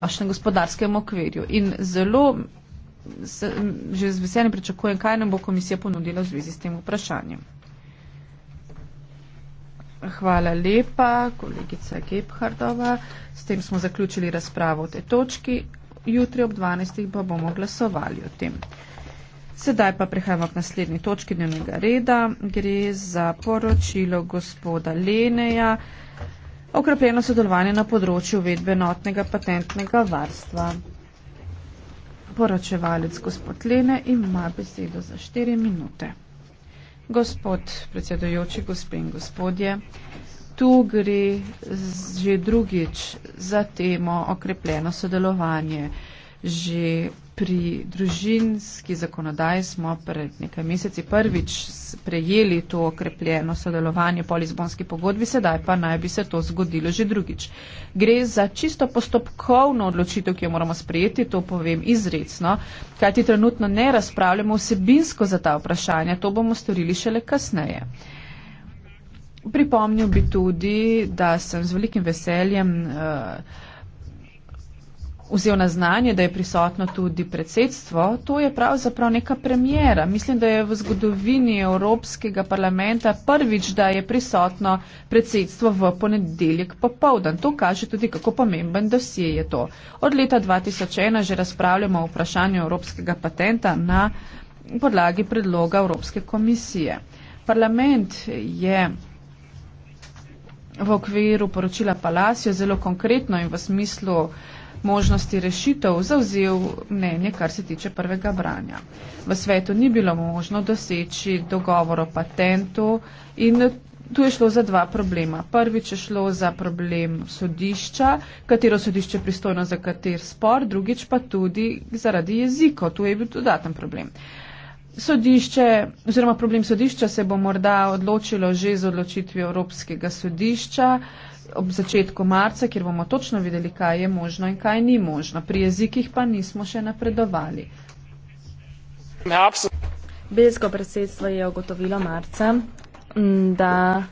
našem gospodarskem okvirju. In zelo se, že z veseljem pričakujem, kaj nam bo komisija ponudila v zvezi s tem vprašanjem. Hvala lepa, kolegica Gebhardova. S tem smo zaključili razpravo o tej točki. Jutri ob 12. pa bomo glasovali o tem. Sedaj pa prehajamo k naslednji točki dnevnega reda. Gre za poročilo gospoda Leneja okrepljeno sodelovanje na področju uvedbe notnega patentnega varstva. Poročevalec gospod Lene ima besedo za 4 minute. Gospod predsedujoči, gospe in gospodje, tu gre že drugič za temo okrepljeno sodelovanje. Že Pri družinski zakonodaji smo pred nekaj meseci prvič prejeli to okrepljeno sodelovanje po Lizbonski pogodbi, sedaj pa naj bi se to zgodilo že drugič. Gre za čisto postopkovno odločitev, ki jo moramo sprejeti, to povem izredno, kajti trenutno ne razpravljamo vsebinsko za ta vprašanja, to bomo storili šele kasneje. Pripomnil bi tudi, da sem z velikim veseljem. Uh, vzel na znanje, da je prisotno tudi predsedstvo, to je pravzaprav neka premjera. Mislim, da je v zgodovini Evropskega parlamenta prvič, da je prisotno predsedstvo v ponedeljek popovdan. To kaže tudi, kako pomemben dosje je to. Od leta 2001 že razpravljamo o vprašanju Evropskega patenta na podlagi predloga Evropske komisije. Parlament je v okviru poročila Palacio zelo konkretno in v smislu možnosti rešitev zauzel mnenje, kar se tiče prvega branja. V svetu ni bilo možno doseči dogovor o patentu in tu je šlo za dva problema. Prvič je šlo za problem sodišča, katero sodišče pristojno za kater spor, drugič pa tudi zaradi jezika. Tu je bil dodaten problem. Sodišče oziroma problem sodišča se bo morda odločilo že z odločitvijo Evropskega sodišča, ob začetku marca, kjer bomo točno videli, kaj je možno in kaj ni možno. Pri jezikih pa nismo še napredovali. Belgijsko predsedstvo je ogotovilo marca, mm, da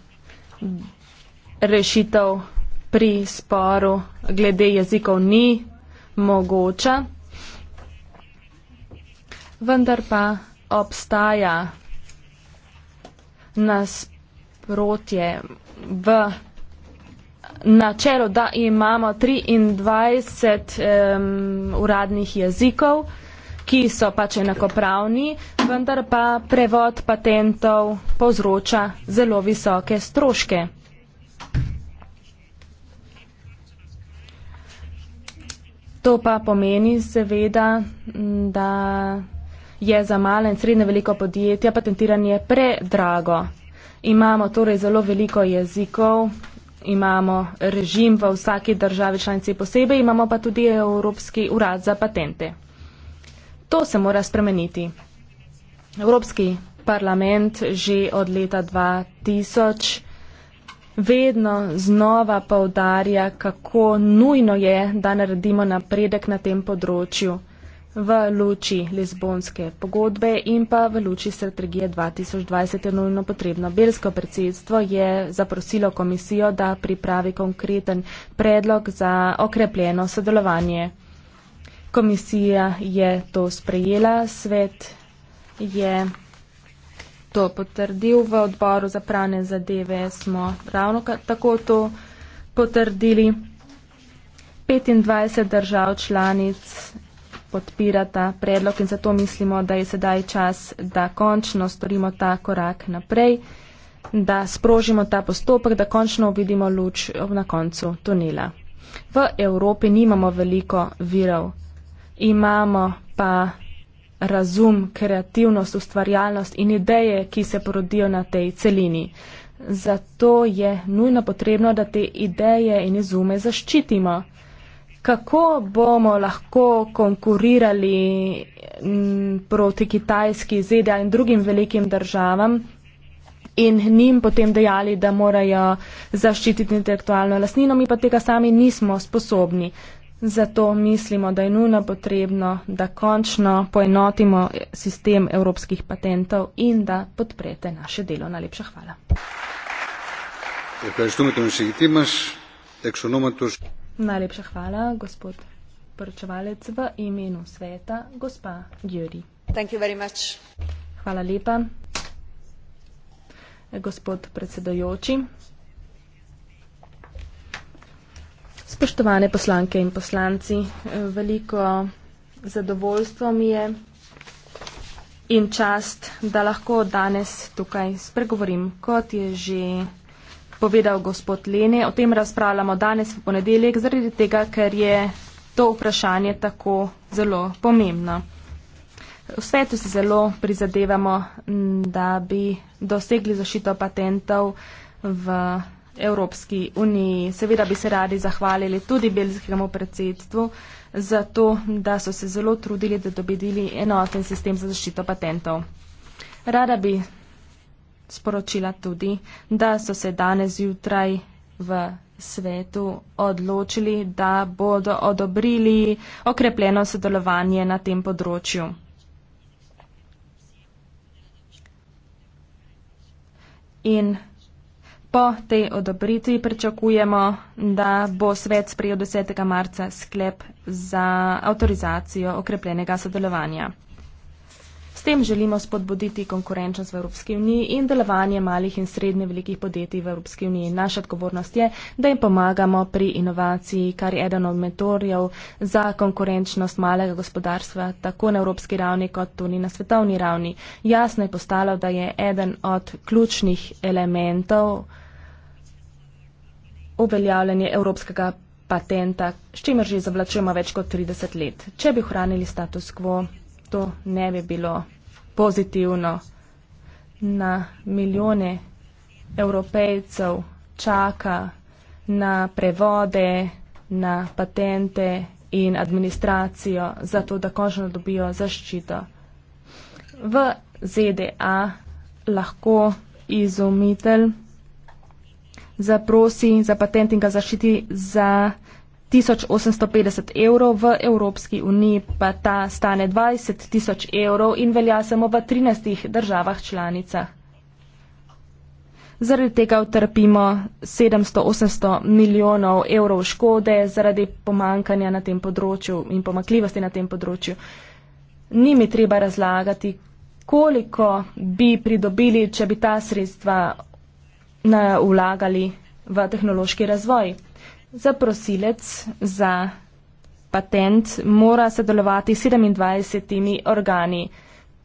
rešitev pri sporu glede jezikov ni mogoča, vendar pa obstaja nasprotje v načelo, da imamo 23 um, uradnih jezikov, ki so pač enakopravni, vendar pa prevod patentov povzroča zelo visoke stroške. To pa pomeni seveda, da je za male in srednje veliko podjetja patentiranje predrago. Imamo torej zelo veliko jezikov, imamo režim v vsaki državi članici posebej, imamo pa tudi Evropski urad za patente. To se mora spremeniti. Evropski parlament že od leta 2000 vedno znova povdarja, kako nujno je, da naredimo napredek na tem področju v luči Lizbonske pogodbe in pa v luči strategije 2020 je nujno potrebno. Belsko predsedstvo je zaprosilo komisijo, da pripravi konkreten predlog za okrepljeno sodelovanje. Komisija je to sprejela, svet je to potrdil, v odboru za prane zadeve smo ravno tako to potrdili. 25 držav članic podpirata predlog in zato mislimo, da je sedaj čas, da končno storimo ta korak naprej, da sprožimo ta postopek, da končno vidimo luč na koncu tunela. V Evropi nimamo veliko virov, imamo pa razum, kreativnost, ustvarjalnost in ideje, ki se porodijo na tej celini. Zato je nujno potrebno, da te ideje in izume zaščitimo kako bomo lahko konkurirali proti Kitajski, ZDA in drugim velikim državam in njim potem dejali, da morajo zaščititi intelektualno lasnino, mi pa tega sami nismo sposobni. Zato mislimo, da je nujno potrebno, da končno poenotimo sistem evropskih patentov in da podprete naše delo. Najlepša hvala. Ευχαριστούμε τον εισηγητή μας, εξ ονόματος... Najlepša hvala, gospod poročevalec v imenu sveta, gospa Juri. Hvala lepa, gospod predsedojoči. Spoštovane poslanke in poslanci, veliko zadovoljstvo mi je in čast, da lahko danes tukaj spregovorim, kot je že povedal gospod Lene. O tem razpravljamo danes v ponedeljek, zaradi tega, ker je to vprašanje tako zelo pomembno. V svetu se zelo prizadevamo, mm, da bi dosegli zašito patentov v Evropski uniji. Seveda bi se radi zahvalili tudi belgijskemu predsedstvu za to, da so se zelo trudili, da dobili enoten sistem za zašito patentov. Rada bi sporočila tudi, da so se danes zjutraj v svetu odločili, da bodo odobrili okrepljeno sodelovanje na tem področju. In po tej odobritvi pričakujemo, da bo svet sprejel 10. marca sklep za avtorizacijo okrepljenega sodelovanja tem želimo spodbuditi konkurenčnost v Evropski uniji in delovanje malih in srednje velikih podjetij v Evropski uniji. Naša odgovornost je, da jim pomagamo pri inovaciji, kar je eden od metorjev za konkurenčnost malega gospodarstva, tako na evropski ravni kot tudi na svetovni ravni. Jasno je postalo, da je eden od ključnih elementov uveljavljanje evropskega patenta, s čimer že zavlačujemo več kot 30 let. Če bi ohranili status quo, to ne bi bilo pozitivno. Na milijone evropejcev čaka na prevode, na patente in administracijo, zato da končno dobijo zaščito. V ZDA lahko izumitelj zaprosi za patent in ga zaščiti za 1850 evrov, v Evropski uniji pa ta stane 20 tisoč evrov in velja samo v 13 državah članicah. Zaradi tega utrpimo 700-800 milijonov evrov škode zaradi pomankanja na tem področju in pomakljivosti na tem področju. Ni mi treba razlagati, koliko bi pridobili, če bi ta sredstva vlagali v tehnološki razvoj zaprosilec za patent mora sodelovati s 27 organi.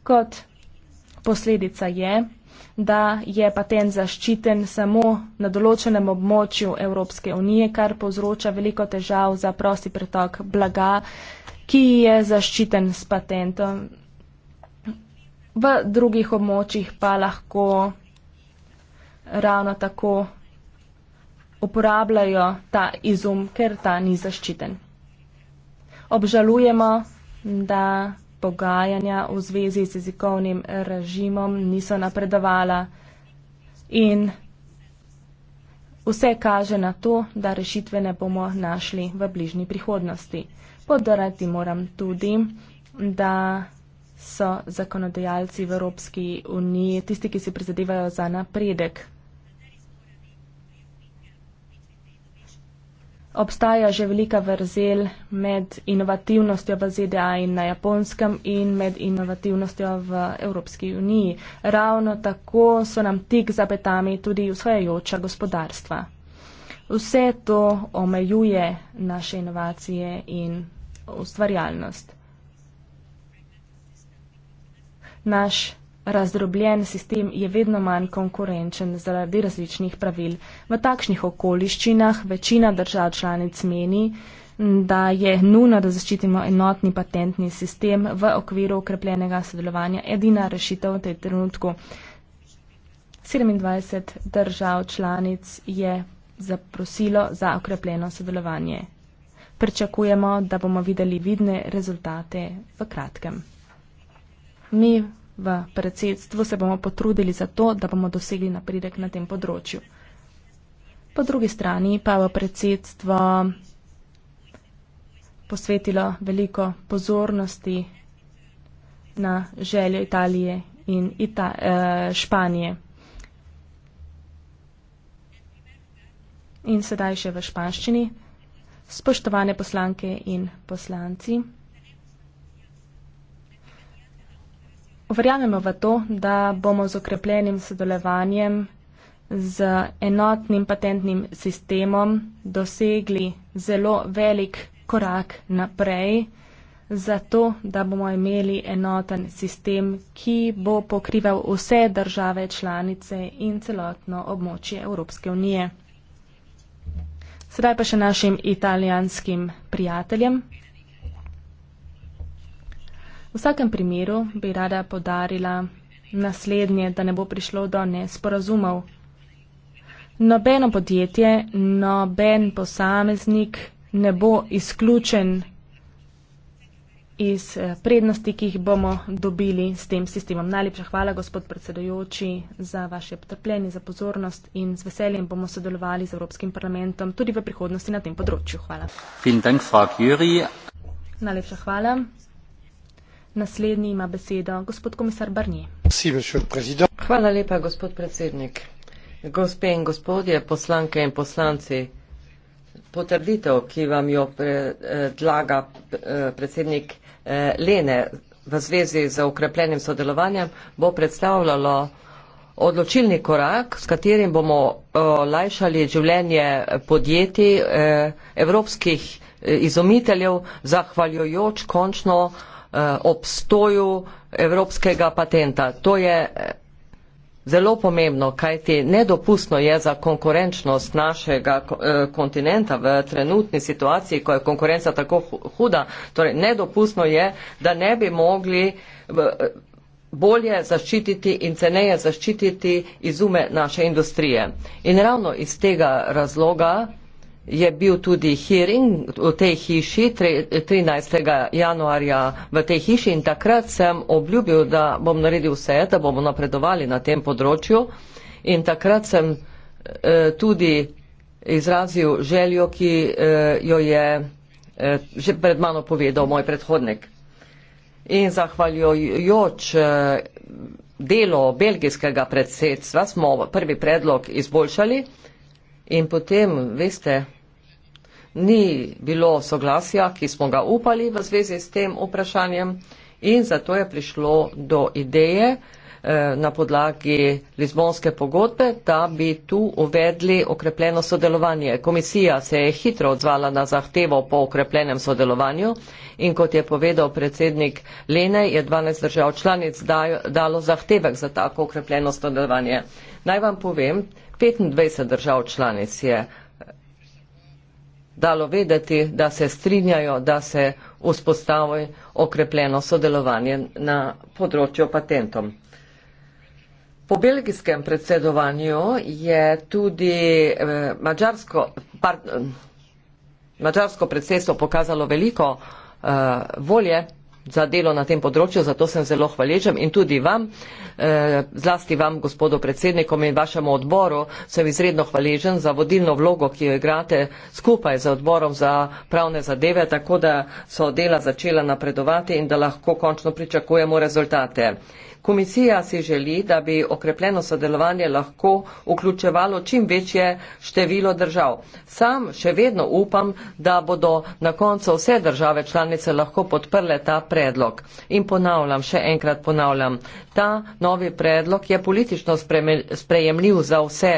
Kot posledica je, da je patent zaščiten samo na določenem območju Evropske unije, kar povzroča veliko težav za prosti pretok blaga, ki je zaščiten s patentom. V drugih območjih pa lahko ravno tako uporabljajo ta izum, ker ta ni zaščiten. Obžalujemo, da pogajanja v zvezi z jezikovnim režimom niso napredovala in vse kaže na to, da rešitve ne bomo našli v bližnji prihodnosti. Podarati moram tudi, da so zakonodajalci v Evropski uniji tisti, ki si prizadevajo za napredek. Obstaja že velika vrzel med inovativnostjo v ZDA in na japonskem in med inovativnostjo v Evropski uniji. Ravno tako so nam tik za petami tudi usvajajoča gospodarstva. Vse to omejuje naše inovacije in ustvarjalnost. Naš razdrobljen sistem je vedno manj konkurenčen zaradi različnih pravil. V takšnih okoliščinah večina držav članic meni, da je nujno, da zaščitimo enotni patentni sistem v okviru ukrepljenega sodelovanja edina rešitev v tej trenutku. 27 držav članic je zaprosilo za okrepljeno sodelovanje. Pričakujemo, da bomo videli vidne rezultate v kratkem. Mi v predsedstvu se bomo potrudili za to, da bomo dosegli napredek na tem področju. Po drugi strani pa je v predsedstvo posvetilo veliko pozornosti na željo Italije in Ita eh, Španije. In sedaj še v španščini. Spoštovane poslanke in poslanci. Verjamemo v to, da bomo z okrepljenim sodelovanjem, z enotnim patentnim sistemom dosegli zelo velik korak naprej, zato da bomo imeli enoten sistem, ki bo pokrival vse države članice in celotno območje Evropske unije. Sedaj pa še našim italijanskim prijateljem. V vsakem primeru bi rada podarila naslednje, da ne bo prišlo do nesporazumov. Nobeno podjetje, noben posameznik ne bo izključen iz eh, prednosti, ki jih bomo dobili s tem sistemom. Najlepša hvala, gospod predsedujoči, za vaše potrpljenje, za pozornost in z veseljem bomo sodelovali z Evropskim parlamentom tudi v prihodnosti na tem področju. Hvala. Dank, Najlepša hvala. Naslednji ima besedo gospod komisar Barnje. Hvala lepa, gospod predsednik. Gospe in gospodje, poslanke in poslanci, potrditev, ki vam jo predlaga eh, predsednik eh, Lene v zvezi z ukrepljenim sodelovanjem, bo predstavljalo odločilni korak, s katerim bomo eh, olajšali življenje podjetij evropskih izumiteljev, zahvaljujoč končno Eh, obstoju evropskega patenta. To je eh, zelo pomembno, kajti nedopustno je za konkurenčnost našega eh, kontinenta v trenutni situaciji, ko je konkurenca tako huda. Torej, nedopustno je, da ne bi mogli bolje zaščititi in ceneje zaščititi izume naše industrije. In ravno iz tega razloga je bil tudi hearing v tej hiši 13. januarja v tej hiši in takrat sem obljubil, da bom naredil vse, da bomo napredovali na tem področju in takrat sem eh, tudi izrazil željo, ki eh, jo je eh, že pred mano povedal moj predhodnik. In zahvaljujoč delo belgijskega predsedstva smo prvi predlog izboljšali In potem, veste, ni bilo soglasja, ki smo ga upali v zvezi s tem vprašanjem in zato je prišlo do ideje eh, na podlagi Lizbonske pogodbe, da bi tu uvedli okrepljeno sodelovanje. Komisija se je hitro odzvala na zahtevo po okrepljenem sodelovanju in kot je povedal predsednik Lenej, je 12 držav članic dalo zahtevek za tako okrepljeno sodelovanje. Naj vam povem, 25 držav članic je eh, dalo vedeti, da se strinjajo, da se vzpostavi okrepljeno sodelovanje na področju patentom. Po belgijskem predsedovanju je tudi eh, mačarsko, pardon, eh, mačarsko predsedstvo pokazalo veliko uh, volje za delo na tem področju, zato sem zelo hvaležen in tudi vam, eh, zlasti vam, gospodu predsednikom in vašemu odboru, sem izredno hvaležen za vodilno vlogo, ki jo igrate skupaj z odborom za pravne zadeve, tako da so dela začela napredovati in da lahko končno pričakujemo rezultate. Komisija si želi, da bi okrepljeno sodelovanje lahko vključevalo čim večje število držav. Sam še vedno upam, da bodo na koncu vse države članice lahko podprle ta predlog. In ponavljam, še enkrat ponavljam, ta novi predlog je politično sprejemljiv za vse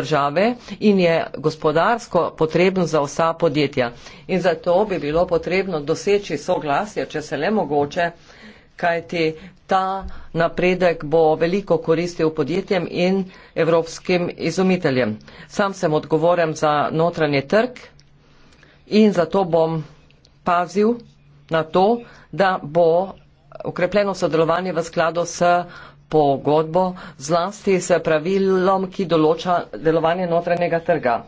države in je gospodarsko potrebno za vsa podjetja. In zato bi bilo potrebno doseči soglasje, če se le mogoče, kajti ta napredek bo veliko koristil podjetjem in evropskim izumiteljem. Sam sem odgovoren za notranje trg in zato bom pazil na to, da bo ukrepljeno sodelovanje v skladu s pogodbo zlasti s pravilom, ki določa delovanje notranjega trga.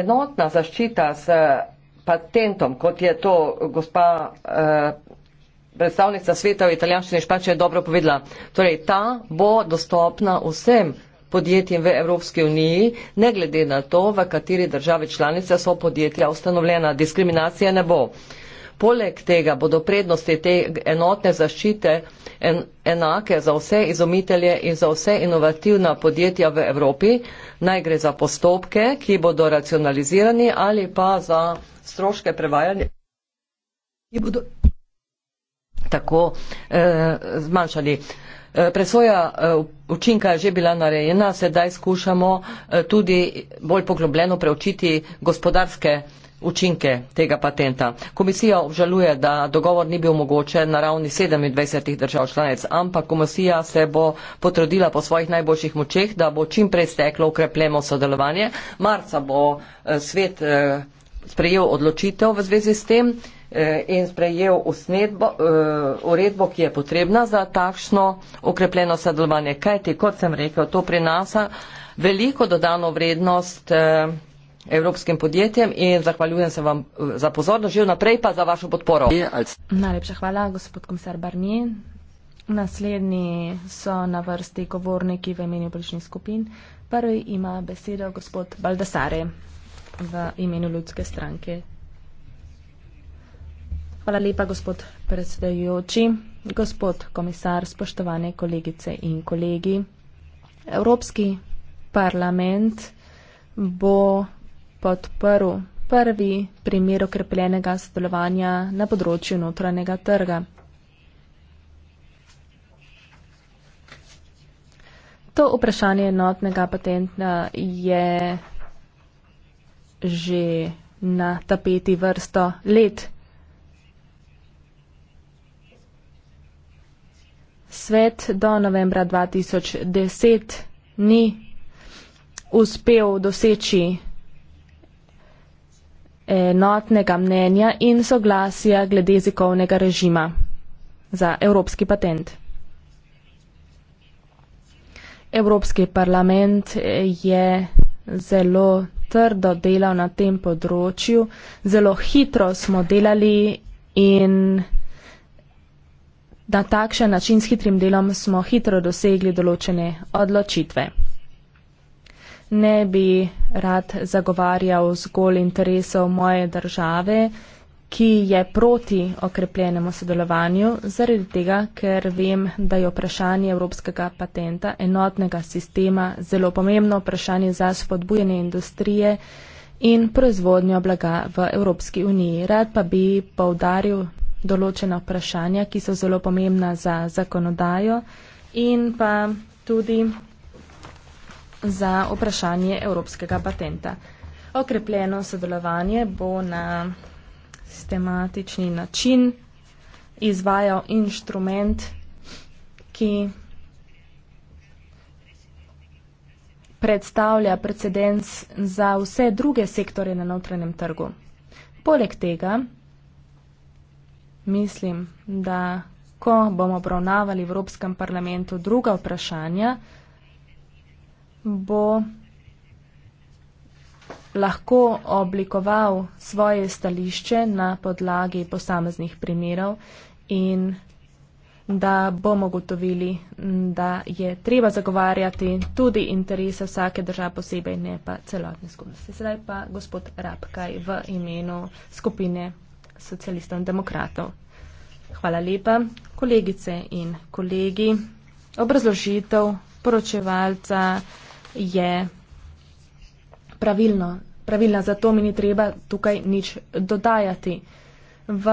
Enotna zaščita s patentom, kot je to gospa eh, predstavnica sveta v italijanščini in španščini dobro povedala. Torej, ta bo dostopna vsem podjetjem v Evropski uniji, ne glede na to, v kateri države članice so podjetja ustanovljena. Diskriminacije ne bo. Poleg tega bodo prednosti te enotne zaščite en, enake za vse izumitelje in za vse inovativna podjetja v Evropi. Naj gre za postopke, ki bodo racionalizirani ali pa za stroške prevajanja tako eh, zmanjšali. Eh, presoja eh, učinka je že bila narejena, sedaj skušamo eh, tudi bolj poglobljeno preučiti gospodarske učinke tega patenta. Komisija obžaluje, da dogovor ni bil mogoče na ravni 27 držav članic, ampak komisija se bo potrudila po svojih najboljših močeh, da bo čim prej steklo ukrepljeno sodelovanje. Marca bo eh, svet eh, sprejel odločitev v zvezi s tem. Eh, Eh, in sprejel usnedbo, eh, uredbo, ki je potrebna za takšno okrepljeno sodelovanje. Kaj ti, kot sem rekel, to prinasa veliko dodano vrednost eh, evropskim podjetjem in zahvaljujem se vam za pozornost, že vnaprej pa za vašo podporo. Najlepša hvala, gospod komisar Barnier. Naslednji so na vrsti govorniki v imenu bližnjih skupin. Prvi ima besedo gospod Baldasare v imenu ljudske stranke Hvala lepa, gospod predsedajoči, gospod komisar, spoštovane kolegice in kolegi. Evropski parlament bo podprl prvi primer okrepljenega sodelovanja na področju notranjega trga. To vprašanje enotnega patenta je že na tapeti vrsto let. svet do novembra 2010 ni uspel doseči enotnega mnenja in soglasja glede jezikovnega režima za evropski patent. Evropski parlament je zelo trdo delal na tem področju, zelo hitro smo delali in Na takšen način s hitrim delom smo hitro dosegli določene odločitve. Ne bi rad zagovarjal zgolj interesov moje države, ki je proti okrepljenemu sodelovanju, zaradi tega, ker vem, da je vprašanje evropskega patenta, enotnega sistema, zelo pomembno vprašanje za spodbujanje industrije in proizvodnjo blaga v Evropski uniji. Rad pa bi povdaril, določena vprašanja, ki so zelo pomembna za zakonodajo in pa tudi za vprašanje evropskega patenta. Okrepljeno sodelovanje bo na sistematični način izvajal inštrument, ki predstavlja precedens za vse druge sektore na notranjem trgu. Poleg tega mislim, da ko bomo obravnavali v Evropskem parlamentu druga vprašanja, bo lahko oblikoval svoje stališče na podlagi posameznih primerov in da bomo gotovili, da je treba zagovarjati tudi interese vsake države posebej, ne pa celotne skupnosti. Sedaj pa gospod Rabkaj v imenu skupine socialistov in demokratov. Hvala lepa, kolegice in kolegi. Obrazložitev poročevalca je pravilno, pravilna, zato mi ni treba tukaj nič dodajati. V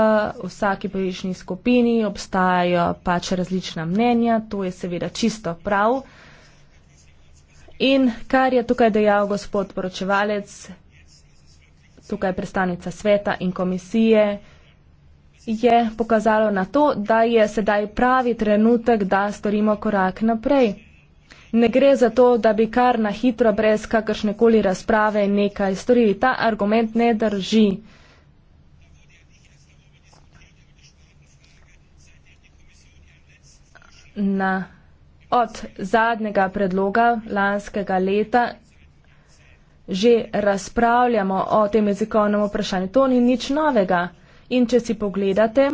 vsaki pojišnji skupini obstajajo pač različna mnenja, to je seveda čisto prav. In kar je tukaj dejal gospod poročevalec, tukaj predstavnica sveta in komisije, je pokazalo na to, da je sedaj pravi trenutek, da storimo korak naprej. Ne gre za to, da bi kar na hitro, brez kakršnekoli razprave, nekaj storili. Ta argument ne drži. Na, od zadnjega predloga lanskega leta že razpravljamo o tem jezikovnem vprašanju. To ni nič novega. In če si pogledate,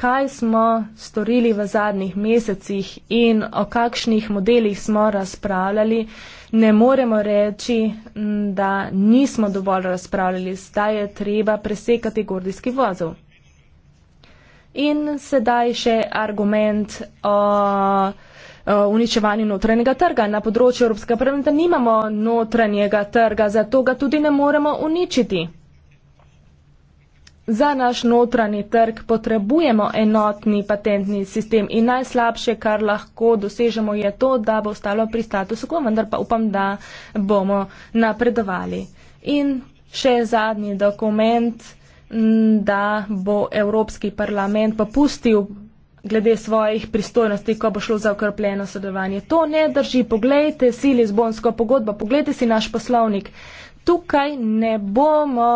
kaj smo storili v zadnjih mesecih in o kakšnih modelih smo razpravljali, ne moremo reči, da nismo dovolj razpravljali. Zdaj je treba presekati gordijski vozov. In sedaj še argument o. Uh, Eh, uničevanju notranjega trga. Na področju Evropskega parlamenta nimamo notranjega trga, zato ga tudi ne moremo uničiti. Za naš notranji trg potrebujemo enotni patentni sistem in najslabše, kar lahko dosežemo, je to, da bo ostalo pri statusu quo, vendar pa upam, da bomo napredovali. In še zadnji dokument, da bo Evropski parlament popustil glede svojih pristojnosti, ko bo šlo za okrepljeno sodelovanje. To ne drži. Poglejte si Lizbonsko pogodbo, poglejte si naš poslovnik. Tukaj ne bomo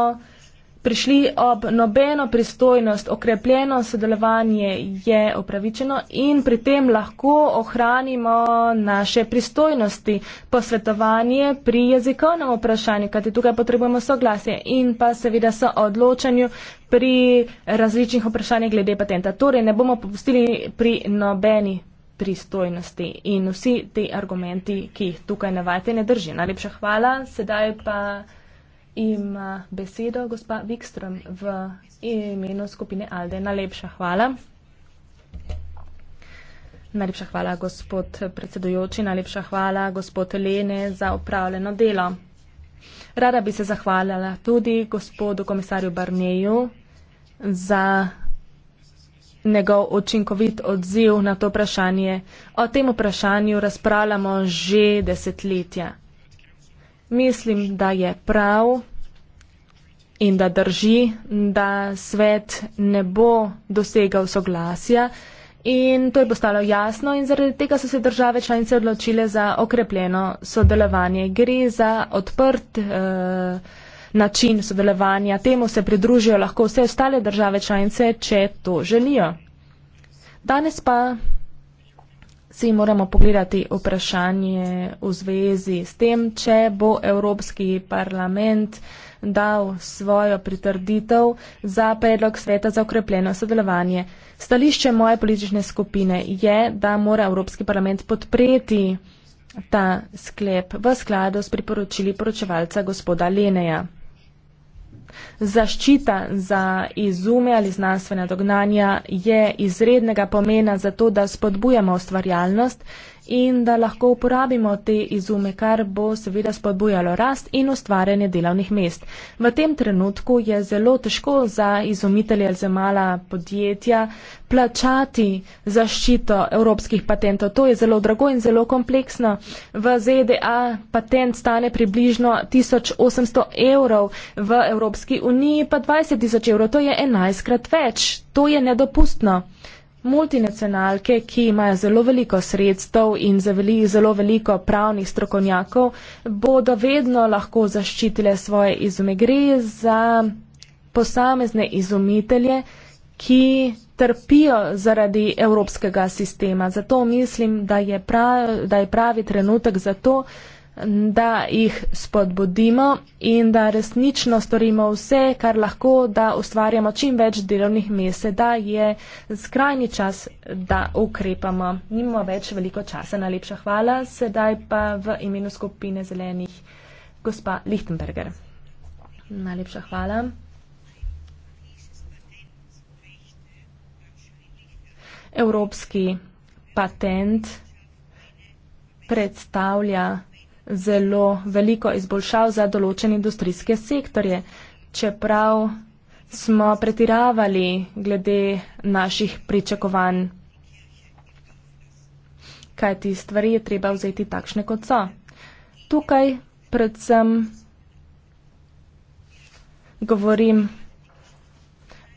prišli ob nobeno pristojnost, okrepljeno sodelovanje je opravičeno in pri tem lahko ohranimo naše pristojnosti. Posvetovanje pri jezikovnem vprašanju, kajti tukaj potrebujemo soglasje in pa seveda so odločanju pri različnih vprašanjih glede patenta. Torej ne bomo popustili pri nobeni pristojnosti in vsi te argumenti, ki jih tukaj navajate, ne drži. Najlepša hvala. Sedaj pa ima besedo gospa Wikström v imenu skupine Alde. Najlepša hvala. Najlepša hvala, gospod predsedujoči, najlepša hvala, gospod Lene, za upravljeno delo. Rada bi se zahvaljala tudi gospodu komisarju Barneju za njegov učinkovit odziv na to vprašanje. O tem vprašanju razpravljamo že desetletja mislim, da je prav in da drži, da svet ne bo dosegal soglasja. In to je postalo jasno in zaradi tega so se države članice odločile za okrepljeno sodelovanje. Gre za odprt eh, način sodelovanja. Temu se pridružijo lahko vse ostale države članice, če to želijo. Danes pa si moramo pogledati vprašanje v zvezi s tem, če bo Evropski parlament dal svojo pritrditev za predlog sveta za okrepljeno sodelovanje. Stališče moje politične skupine je, da mora Evropski parlament podpreti ta sklep v skladu s priporočili poročevalca gospoda Leneja. Zaščita za izume ali znanstvena dognanja je izrednega pomena za to, da spodbujamo ustvarjalnost, in da lahko uporabimo te izume, kar bo seveda spodbujalo rast in ustvarjanje delovnih mest. V tem trenutku je zelo težko za izumitelje ali za mala podjetja plačati zaščito evropskih patentov. To je zelo drago in zelo kompleksno. V ZDA patent stane približno 1800 evrov, v Evropski uniji pa 20 tisoč evrov. To je enajstkrat več. To je nedopustno multinacionalke, ki imajo zelo veliko sredstev in zelo veliko pravnih strokovnjakov, bodo vedno lahko zaščitile svoje izume. Gre za posamezne izumitelje, ki trpijo zaradi evropskega sistema. Zato mislim, da je pravi, da je pravi trenutek za to, da jih spodbudimo in da resnično storimo vse, kar lahko, da ustvarjamo čim več delovnih mest, da je skrajni čas, da ukrepamo. Nimamo več veliko časa. Najlepša hvala. Sedaj pa v imenu skupine zelenih gospa Lichtenberger. Najlepša hvala. Evropski patent predstavlja zelo veliko izboljšav za določene industrijske sektorje, čeprav smo pretiravali glede naših pričakovanj. Kaj ti stvari je treba vzeti takšne, kot so. Tukaj predvsem govorim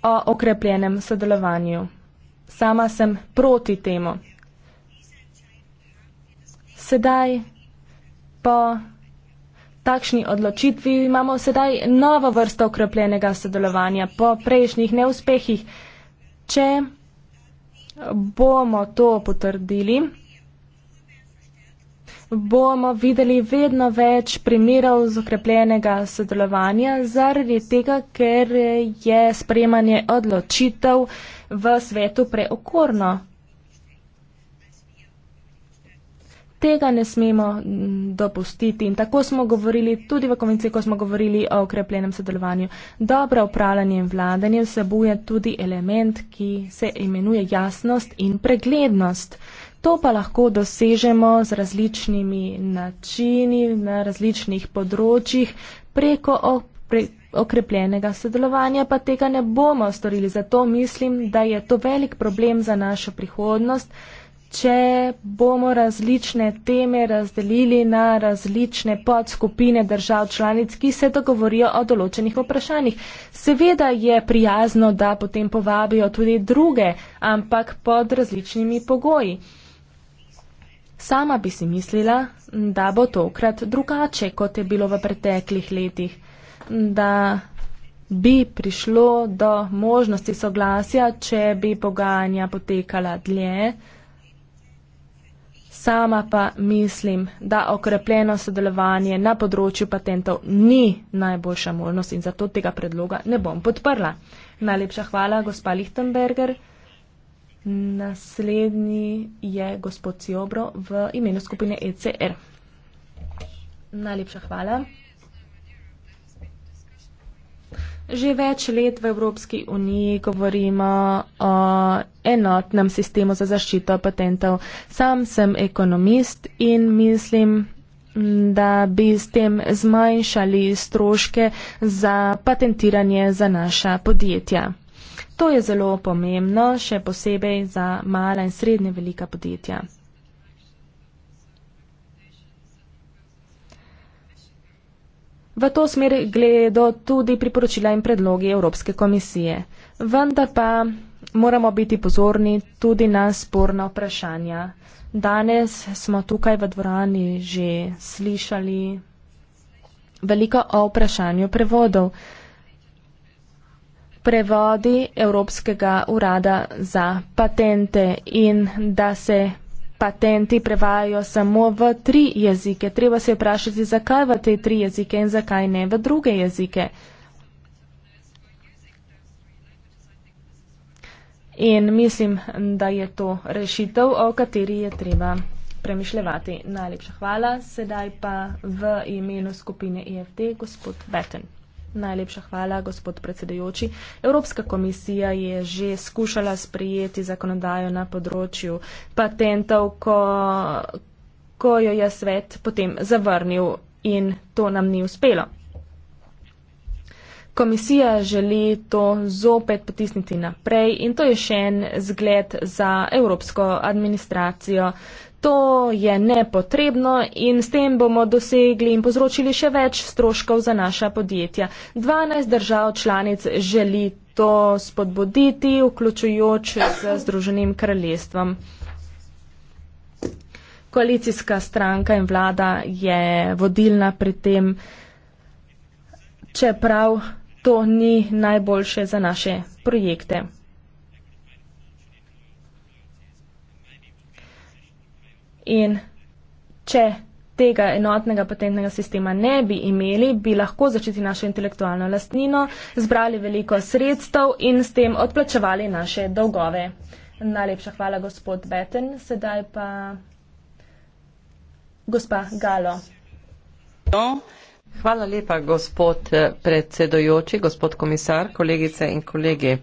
o okrepljenem sodelovanju. Sama sem proti temu. Sedaj po takšni odločitvi imamo sedaj novo vrsto okrepljenega sodelovanja po prejšnjih neuspehih. Če bomo to potrdili, bomo videli vedno več primerov z okrepljenega sodelovanja zaradi tega, ker je sprejemanje odločitev v svetu preokorno. tega ne smemo mm, dopustiti. In tako smo govorili tudi v konvenciji, ko smo govorili o okrepljenem sodelovanju. Dobro upravljanje in vladanje vsebuje tudi element, ki se imenuje jasnost in preglednost. To pa lahko dosežemo z različnimi načini na različnih področjih preko okrepljenega sodelovanja, pa tega ne bomo storili. Zato mislim, da je to velik problem za našo prihodnost, če bomo različne teme razdelili na različne podskupine držav članic, ki se dogovorijo o določenih vprašanjih. Seveda je prijazno, da potem povabijo tudi druge, ampak pod različnimi pogoji. Sama bi si mislila, da bo tokrat drugače, kot je bilo v preteklih letih, da bi prišlo do možnosti soglasja, če bi pogajanja potekala dlje. Sama pa mislim, da okrepljeno sodelovanje na področju patentov ni najboljša možnost in zato tega predloga ne bom podprla. Najlepša hvala, gospa Lichtenberger. Naslednji je gospod Ciobro v imenu skupine ECR. Najlepša hvala. Že več let v Evropski uniji govorimo o enotnem sistemu za zaščito patentov. Sam sem ekonomist in mislim, da bi s tem zmanjšali stroške za patentiranje za naša podjetja. To je zelo pomembno, še posebej za mala in srednje velika podjetja. V to smer gledo tudi priporočila in predlogi Evropske komisije. Vendar pa moramo biti pozorni tudi na sporna vprašanja. Danes smo tukaj v dvorani že slišali veliko o vprašanju prevodov. Prevodi Evropskega urada za patente in da se patenti prevajajo samo v tri jezike. Treba se vprašati, zakaj v te tri jezike in zakaj ne v druge jezike. In mislim, da je to rešitev, o kateri je treba premišljevati. Najlepša hvala. Sedaj pa v imenu skupine EFD gospod Betten. Najlepša hvala, gospod predsedujoči. Evropska komisija je že skušala sprijeti zakonodajo na področju patentov, ko, ko jo je svet potem zavrnil in to nam ni uspelo. Komisija želi to zopet potisniti naprej in to je še en zgled za evropsko administracijo. Uh, To je nepotrebno in s tem bomo dosegli in povzročili še več stroškov za naša podjetja. 12 držav članic želi to spodbuditi, vključujoč z Združenim kraljestvom. Koalicijska stranka in vlada je vodilna pri tem, čeprav to ni najboljše za naše projekte. In če tega enotnega patentnega sistema ne bi imeli, bi lahko začeti našo intelektualno lastnino, zbrali veliko sredstev in s tem odplačevali naše dolgove. Najlepša hvala, gospod Beten. Sedaj pa gospa Galo. No. Hvala lepa, gospod eh, predsedojoči, gospod komisar, kolegice in kolegi.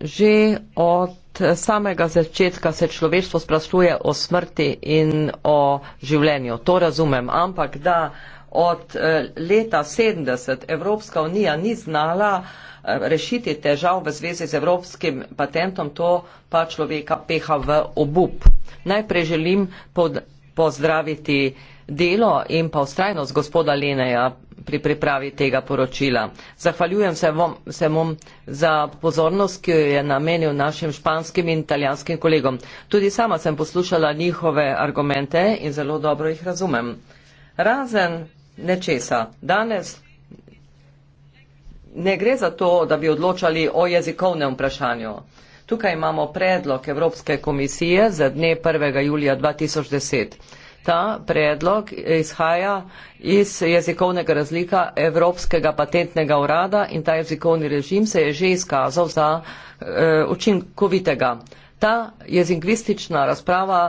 Že od samega začetka se človeštvo sprašuje o smrti in o življenju. To razumem. Ampak da od eh, leta 70 Evropska unija ni znala eh, rešiti težav v zvezi z evropskim patentom, to pa človeka peha v obup. Najprej želim pozdraviti delo in pa ustrajnost gospoda Leneja pri pripravi tega poročila. Zahvaljujem se vam, se vam za pozornost, ki jo je namenil našim španskim in italijanskim kolegom. Tudi sama sem poslušala njihove argumente in zelo dobro jih razumem. Razen nečesa. Danes ne gre za to, da bi odločali o jezikovnem vprašanju. Tukaj imamo predlog Evropske komisije za dne 1. julija 2010 ta predlog izhaja iz jezikovnega razlika Evropskega patentnega urada in ta jezikovni režim se je že izkazal za uh, učinkovitega. Ta jezingvistična razprava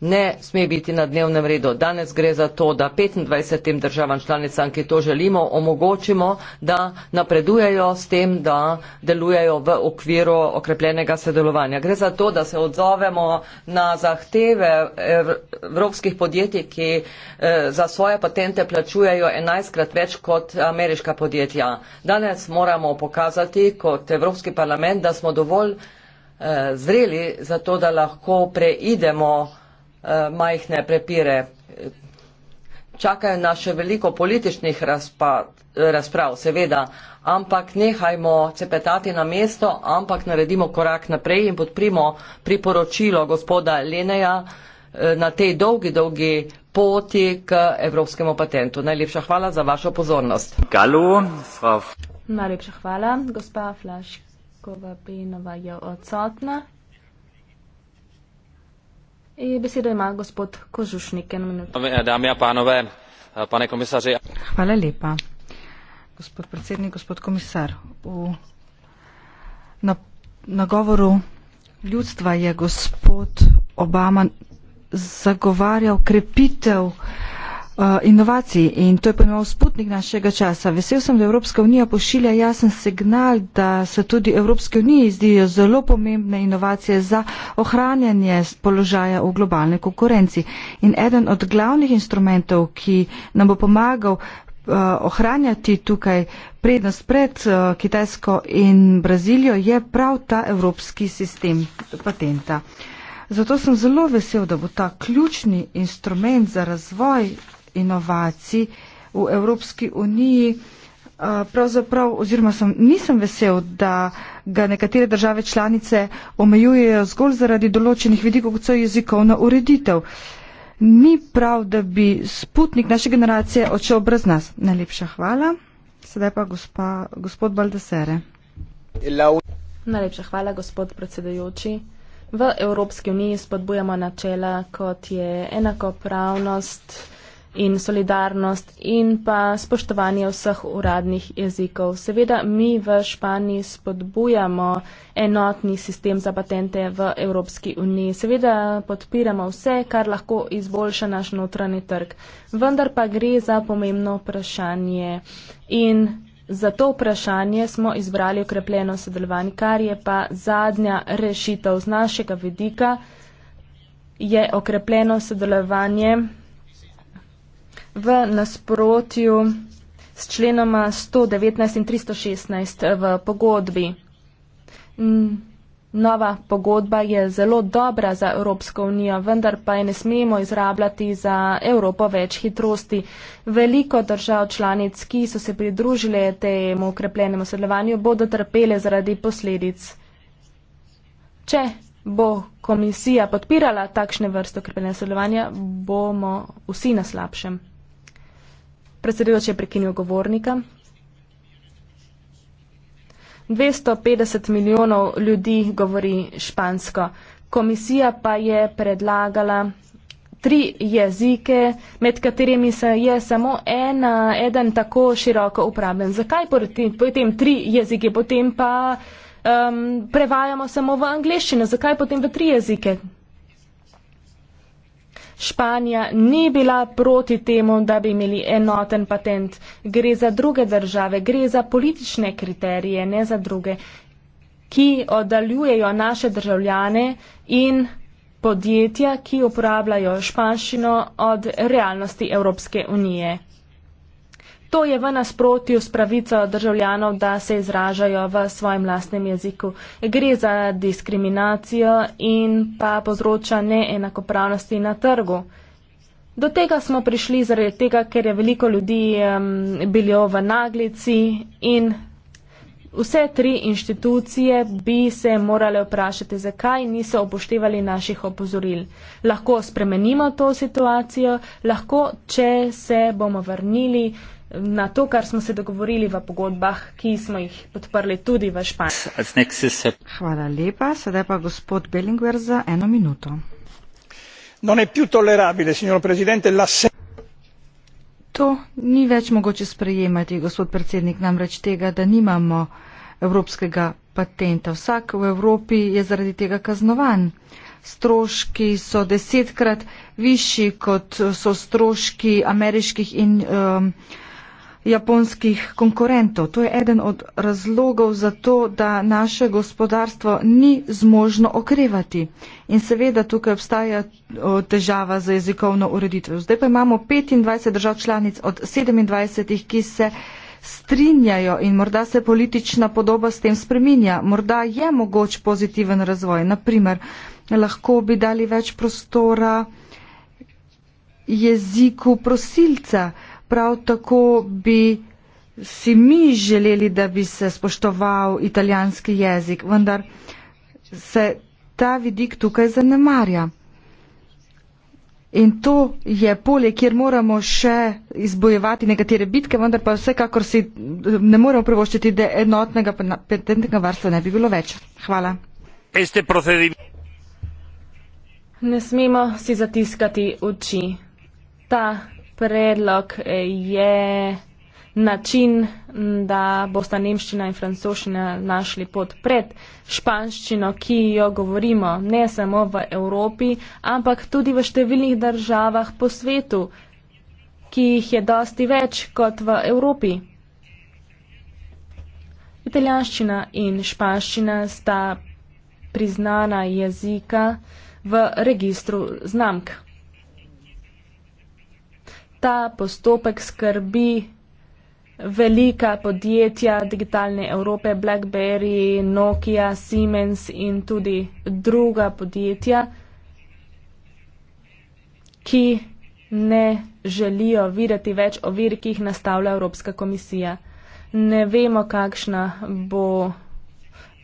ne sme biti na dnevnem redu. Danes gre za to, da 25 državam članicam, ki to želimo, omogočimo, da napredujejo s tem, da delujejo v okviru okrepljenega sodelovanja. Gre za to, da se odzovemo na zahteve evropskih podjetij, ki eh, za svoje patente plačujejo 11 krat več kot ameriška podjetja. Danes moramo pokazati kot Evropski parlament, da smo dovolj eh, zreli za to, da lahko preidemo Eh, majhne prepire. Čakajo nas še veliko političnih razpa, eh, razprav, seveda, ampak nehajmo cepetati na mesto, ampak naredimo korak naprej in podprimo priporočilo gospoda Leneja eh, na tej dolgi, dolgi poti k evropskemu patentu. Najlepša hvala za vašo pozornost. Galo, Najlepša hvala, gospa Flaškova Pinova je odsotna. Besedo ima gospod Kožušnik. Dame a panove, pane komisarji. Hvala lepa. Gospod predsednik, gospod komisar. V, na, na govoru ljudstva je gospod Obama zagovarjal krepitev Eh, inovacij in to je pojmoval sputnik našega časa. Vesel sem, da Evropska unija pošilja jasen signal, da se tudi Evropske unije zdijo zelo pomembne inovacije za ohranjanje položaja v globalni konkurenci. In eden od glavnih instrumentov, ki nam bo pomagal eh, ohranjati tukaj prednost pred eh, Kitajsko in Brazilijo, je prav ta evropski sistem patenta. Zato sem zelo vesel, da bo ta ključni instrument za razvoj inovacij v Evropski uniji. Pravzaprav, oziroma sem, nisem vesel, da ga nekatere države članice omejujejo zgolj zaradi določenih vidikov, kot so jezikovna ureditev. Ni prav, da bi sputnik naše generacije odšel brez nas. Najlepša hvala. Sedaj pa gospa, gospod Baldesere. Najlepša hvala, gospod predsedajoči. V Evropski uniji spodbujamo načela, kot je enakopravnost in solidarnost in pa spoštovanje vseh uradnih jezikov. Seveda mi v Španiji spodbujamo enotni sistem za patente v Evropski uniji. Seveda podpiramo vse, kar lahko izboljša naš notranji trg. Vendar pa gre za pomembno vprašanje. In Za to vprašanje smo izbrali ukrepljeno sodelovanje, kar je pa zadnja rešitev z našega vidika, je ukrepljeno sodelovanje v nasprotju s členoma 119 in 316 v pogodbi. Nova pogodba je zelo dobra za Evropsko unijo, vendar pa je ne smemo izrabljati za Evropo več hitrosti. Veliko držav članic, ki so se pridružile temu ukrepljenemu sodelovanju, bodo trpele zaradi posledic. Če bo komisija podpirala takšne vrste ukrepljenega sodelovanja, bomo vsi na slabšem. Predsedujoči je prekinil govornika. 250 milijonov ljudi govori špansko. Komisija pa je predlagala tri jezike, med katerimi se je samo ena, eden tako široko uporaben. Zakaj potem tri jezike, potem pa um, prevajamo samo v angliščino? Zakaj potem v tri jezike? Španija ni bila proti temu, da bi imeli enoten patent. Gre za druge države, gre za politične kriterije, ne za druge, ki oddaljujejo naše državljane in podjetja, ki uporabljajo španščino od realnosti Evropske unije. To je v nasprotju s pravico državljanov, da se izražajo v svojem lastnem jeziku. Gre za diskriminacijo in pa povzroča neenakopravnosti na trgu. Do tega smo prišli zaradi tega, ker je veliko ljudi um, bilo v naglici in vse tri inštitucije bi se morale vprašati, zakaj niso upoštevali naših opozoril. Lahko spremenimo to situacijo, lahko, če se bomo vrnili na to, kar smo se dogovorili v pogodbah, ki smo jih podprli tudi v Španiji. Hvala lepa. Sedaj pa gospod Bellinger za eno minuto. Non è più tollerabile, signor Presidente, l'assenza. To ni več mogoče sprejemati, gospod predsednik, namreč tega, da nimamo evropskega patenta. Vsak v Evropi je zaradi tega kaznovan. Stroški so desetkrat višji, kot so stroški ameriških in. Um, japonskih konkurentov. To je eden od razlogov za to, da naše gospodarstvo ni zmožno okrevati. In seveda tukaj obstaja težava za jezikovno ureditev. Zdaj pa imamo 25 držav članic od 27, ki se strinjajo in morda se politična podoba s tem spreminja. Morda je mogoč pozitiven razvoj. Naprimer, lahko bi dali več prostora jeziku prosilca prav tako bi si mi želeli, da bi se spoštoval italijanski jezik, vendar se ta vidik tukaj zanemarja. In to je polje, kjer moramo še izbojevati nekatere bitke, vendar pa vsekakor si eh, ne moremo privoščiti, da enotnega patentnega varstva ne bi bilo več. Hvala. Ne smemo si zatiskati oči. Ta predlog eh, je način, da bosta nemščina in francoščina našli pot pred španščino, ki jo govorimo ne samo v Evropi, ampak tudi v številnih državah po svetu, ki jih je dosti več kot v Evropi. Italijanščina in španščina sta priznana jezika v registru znamk ta postopek skrbi velika podjetja digitalne Evrope, BlackBerry, Nokia, Siemens in tudi druga podjetja, ki ne želijo videti več ovir, ki jih nastavlja Evropska komisija. Ne vemo, bo,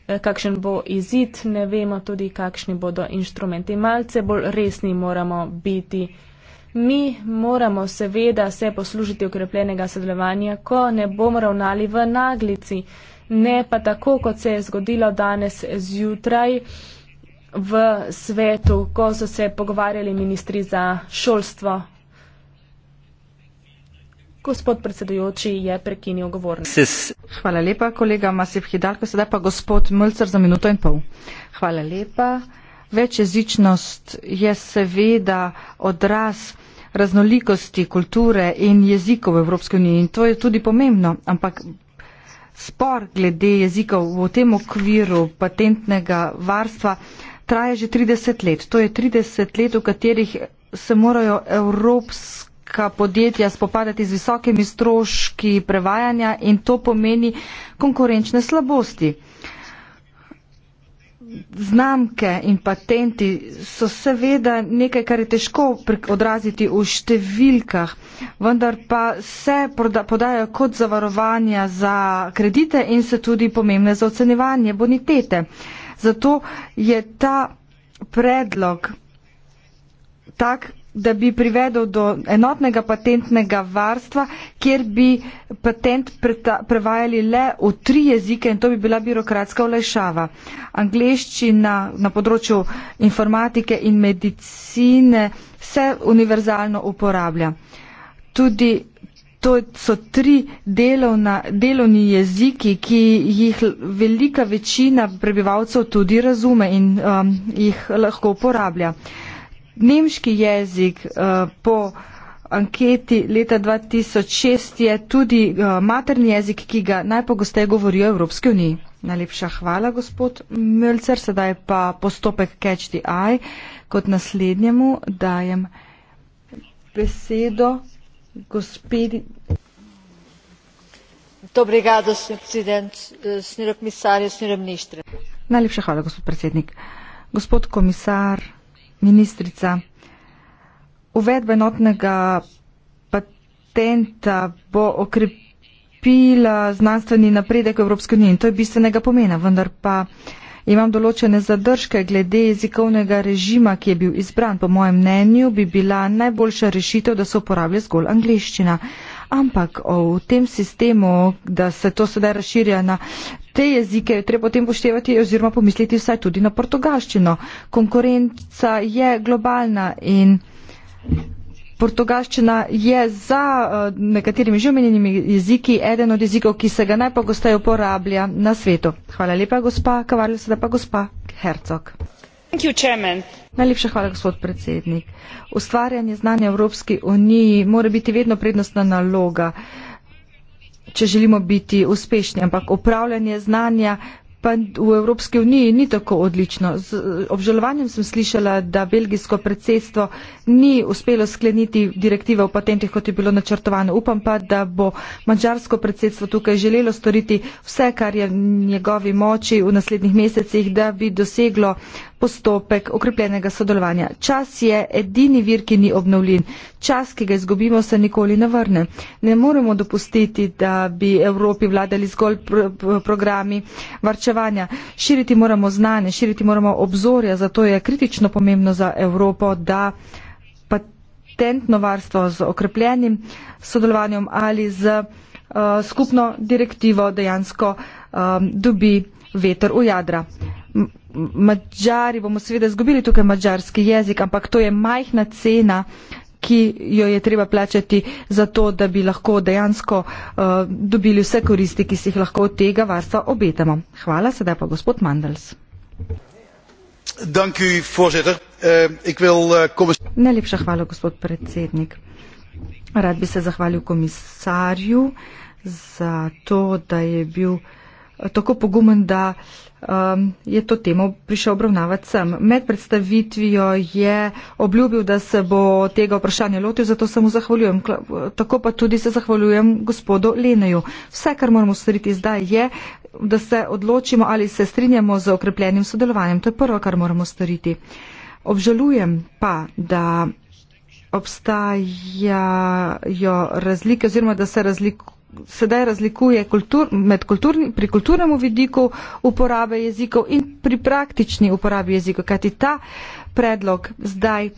eh, kakšen bo izid, ne vemo tudi, kakšni bodo inštrumenti. Malce bolj resni moramo biti. Mi moramo seveda se poslužiti okrepljenega sodelovanja, ko ne bomo ravnali v naglici, ne pa tako, kot se je zgodilo danes zjutraj v svetu, ko so se pogovarjali ministri za šolstvo. Gospod predsedujoči je prekinil govornico. Hvala lepa, kolega Masip Hidalko. Sedaj pa gospod Mlcer za minuto in pol. Hvala lepa. Večjezičnost je seveda odraz raznolikosti kulture in jezikov v Evropski uniji in to je tudi pomembno, ampak spor glede jezikov v tem okviru patentnega varstva traje že 30 let. To je 30 let, v katerih se morajo evropske podjetja spopadati z visokimi stroški prevajanja in to pomeni konkurenčne slabosti znamke in patenti so seveda nekaj, kar je težko odraziti v številkah, vendar pa se podajo kot zavarovanja za kredite in so tudi pomembne za ocenevanje bonitete. Zato je ta predlog tak, da bi privedel do enotnega patentnega varstva, kjer bi patent prevajali le v tri jezike in to bi bila birokratska olajšava. Angliščina na področju informatike in medicine se univerzalno uporablja. Tudi to so tri delovna, delovni jeziki, ki jih velika večina prebivalcev tudi razume in um, jih lahko uporablja. Uh, nemški jezik uh, po anketi leta 2006 je tudi uh, materni jezik, ki ga najpogosteje govorijo v Evropski uniji. Najlepša hvala, gospod Mölcer. Sedaj pa postopek Catch the Eye. Kot naslednjemu dajem besedo gospedi. Dobrega, da sem predsednik, snirok misarjev, snirok ministre. Najlepša hvala, gospod predsednik. Gospod komisar ministrica. Uvedba enotnega patenta bo okrepila znanstveni napredek Evropske unije in to je bistvenega pomena, vendar pa imam določene zadržke glede jezikovnega režima, ki je bil izbran. Po mojem mnenju bi bila najboljša rešitev, da se uporablja zgolj angliščina ampak o, v tem sistemu, da se to sedaj razširja na te jezike, je treba potem poštevati oziroma pomisliti vsaj tudi na portugalščino. Konkurenca je globalna in portugalščina je za nekaterimi že omenjenimi jeziki eden od jezikov, ki se ga najpogosteje uporablja na svetu. Hvala lepa, gospa Kavarjo, sedaj pa gospa Hercog. Najlepša hvala, gospod predsednik. Ustvarjanje znanja Evropski uniji mora biti vedno prednostna naloga, če želimo biti uspešni, ampak upravljanje znanja pa v Evropski uniji ni tako odlično. Z obžalovanjem sem slišala, da belgijsko predsedstvo ni uspelo skleniti direktive o patentih, kot je bilo načrtovano. Upam pa, da bo mađarsko predsedstvo tukaj želelo storiti vse, kar je v njegovi moči v naslednjih mesecih, da bi doseglo postopek okrepljenega sodelovanja. Čas je edini vir, ki ni obnovljen. Čas, ki ga izgubimo, se nikoli ne vrne. Ne moremo dopustiti, da bi Evropi vladali zgolj pr pr programi varčevanja. Širiti moramo znanje, širiti moramo obzorja, zato je kritično pomembno za Evropo, da patentno varstvo z okrepljenim sodelovanjem ali z uh, skupno direktivo dejansko um, dobi veter v jadra. Mačari bomo seveda izgubili tukaj mačarski jezik, ampak to je majhna cena, ki jo je treba plačati za to, da bi lahko dejansko uh, dobili vse koristi, ki si jih lahko od tega varstva obetamo. Hvala, sedaj pa gospod Mandels. Dank u, voorzitter. Uh, ik wil, uh, Najlepša hvala, gospod predsednik. Rad bi se zahvalil komisarju za to, da je bil tako pogumen, da um, je to temo prišel obravnavati sem. Med predstavitvijo je obljubil, da se bo tega vprašanja lotil, zato se mu zahvaljujem. Tako pa tudi se zahvaljujem gospodu Leneju. Vse, kar moramo storiti zdaj, je, da se odločimo ali se strinjamo z okrepljenim sodelovanjem. To je prvo, kar moramo storiti. Obžalujem pa, da obstajajo razlike oziroma da se razlikujejo sedaj razlikuje kultur, med kulturni, pri kulturnemu vidiku uporabe jezikov in pri praktični uporabi jezikov. Kajti ta predlog zdaj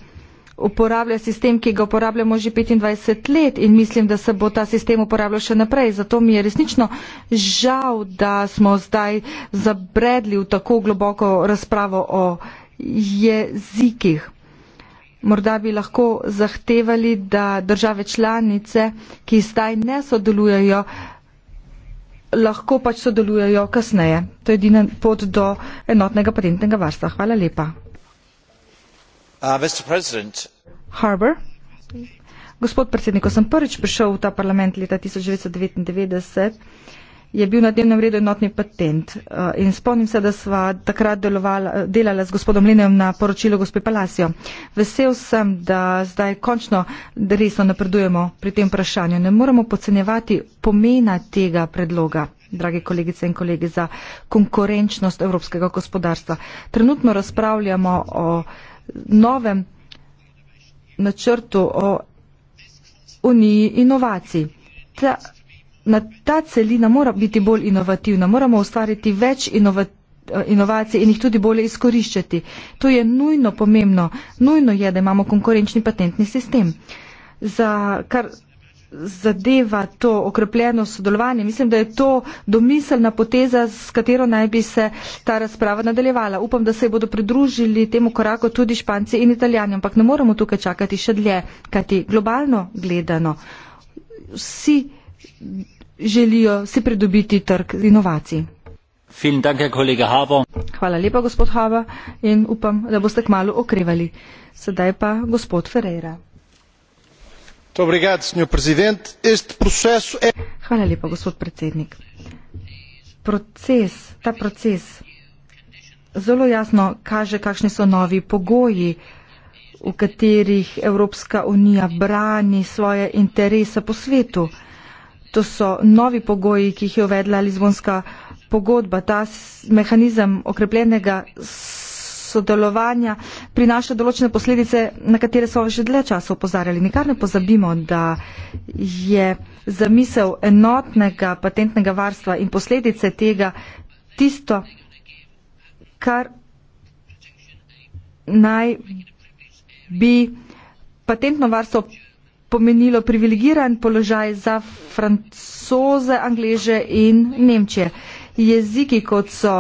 uporablja sistem, ki ga uporabljamo že 25 let in mislim, da se bo ta sistem uporabljal še naprej. Zato mi je resnično žal, da smo zdaj zabredli v tako globoko razpravo o jezikih. Morda bi lahko zahtevali, da države članice, ki zdaj ne sodelujejo, lahko pač sodelujejo kasneje. To je edina pot do enotnega patentnega varstva. Hvala lepa. Uh, Gospod predsednik, ko sem prvič prišel v ta parlament leta 1999, je bil na dnevnem redu enotni patent. Eh, in spomnim se, da sva takrat delala z gospodom Linem na poročilu gospe Palacijo. Vesel sem, da zdaj končno resno napredujemo pri tem vprašanju. Ne moramo pocenjevati pomena tega predloga dragi kolegice in kolegi, za konkurenčnost evropskega gospodarstva. Trenutno razpravljamo o novem načrtu o uniji inovacij. Ta na ta celina mora biti bolj inovativna, moramo ustvariti več inovativnosti eh, inovacije in jih tudi bolje izkoriščati. To je nujno pomembno. Nujno je, da imamo konkurenčni patentni sistem. Za kar zadeva to okrepljeno sodelovanje, mislim, da je to domiselna poteza, s katero naj bi se ta razprava nadaljevala. Upam, da se bodo pridružili temu koraku tudi Španci in Italijani, ampak ne moramo tukaj čakati še dlje, kajti globalno gledano vsi želijo si pridobiti trg inovacij. Danke, Hvala lepa, gospod Hava, in upam, da boste k malu okrevali. Sedaj pa gospod Ferreira. Obrigado, este é... Hvala lepa, gospod predsednik. Proces, ta proces zelo jasno kaže, kakšni so novi pogoji, v katerih Evropska unija brani svoje interese po svetu. To so novi pogoji, ki jih je uvedla Lizbonska pogodba. Ta mehanizem okrepljenega sodelovanja prinaša določene posledice, na katere smo že dlje časa upozarjali. Nikar ne pozabimo, da je zamisel enotnega patentnega varstva in posledice tega tisto, kar naj bi patentno varstvo pomenilo privilegiran položaj za francoze, angleže in nemče. Jeziki kot so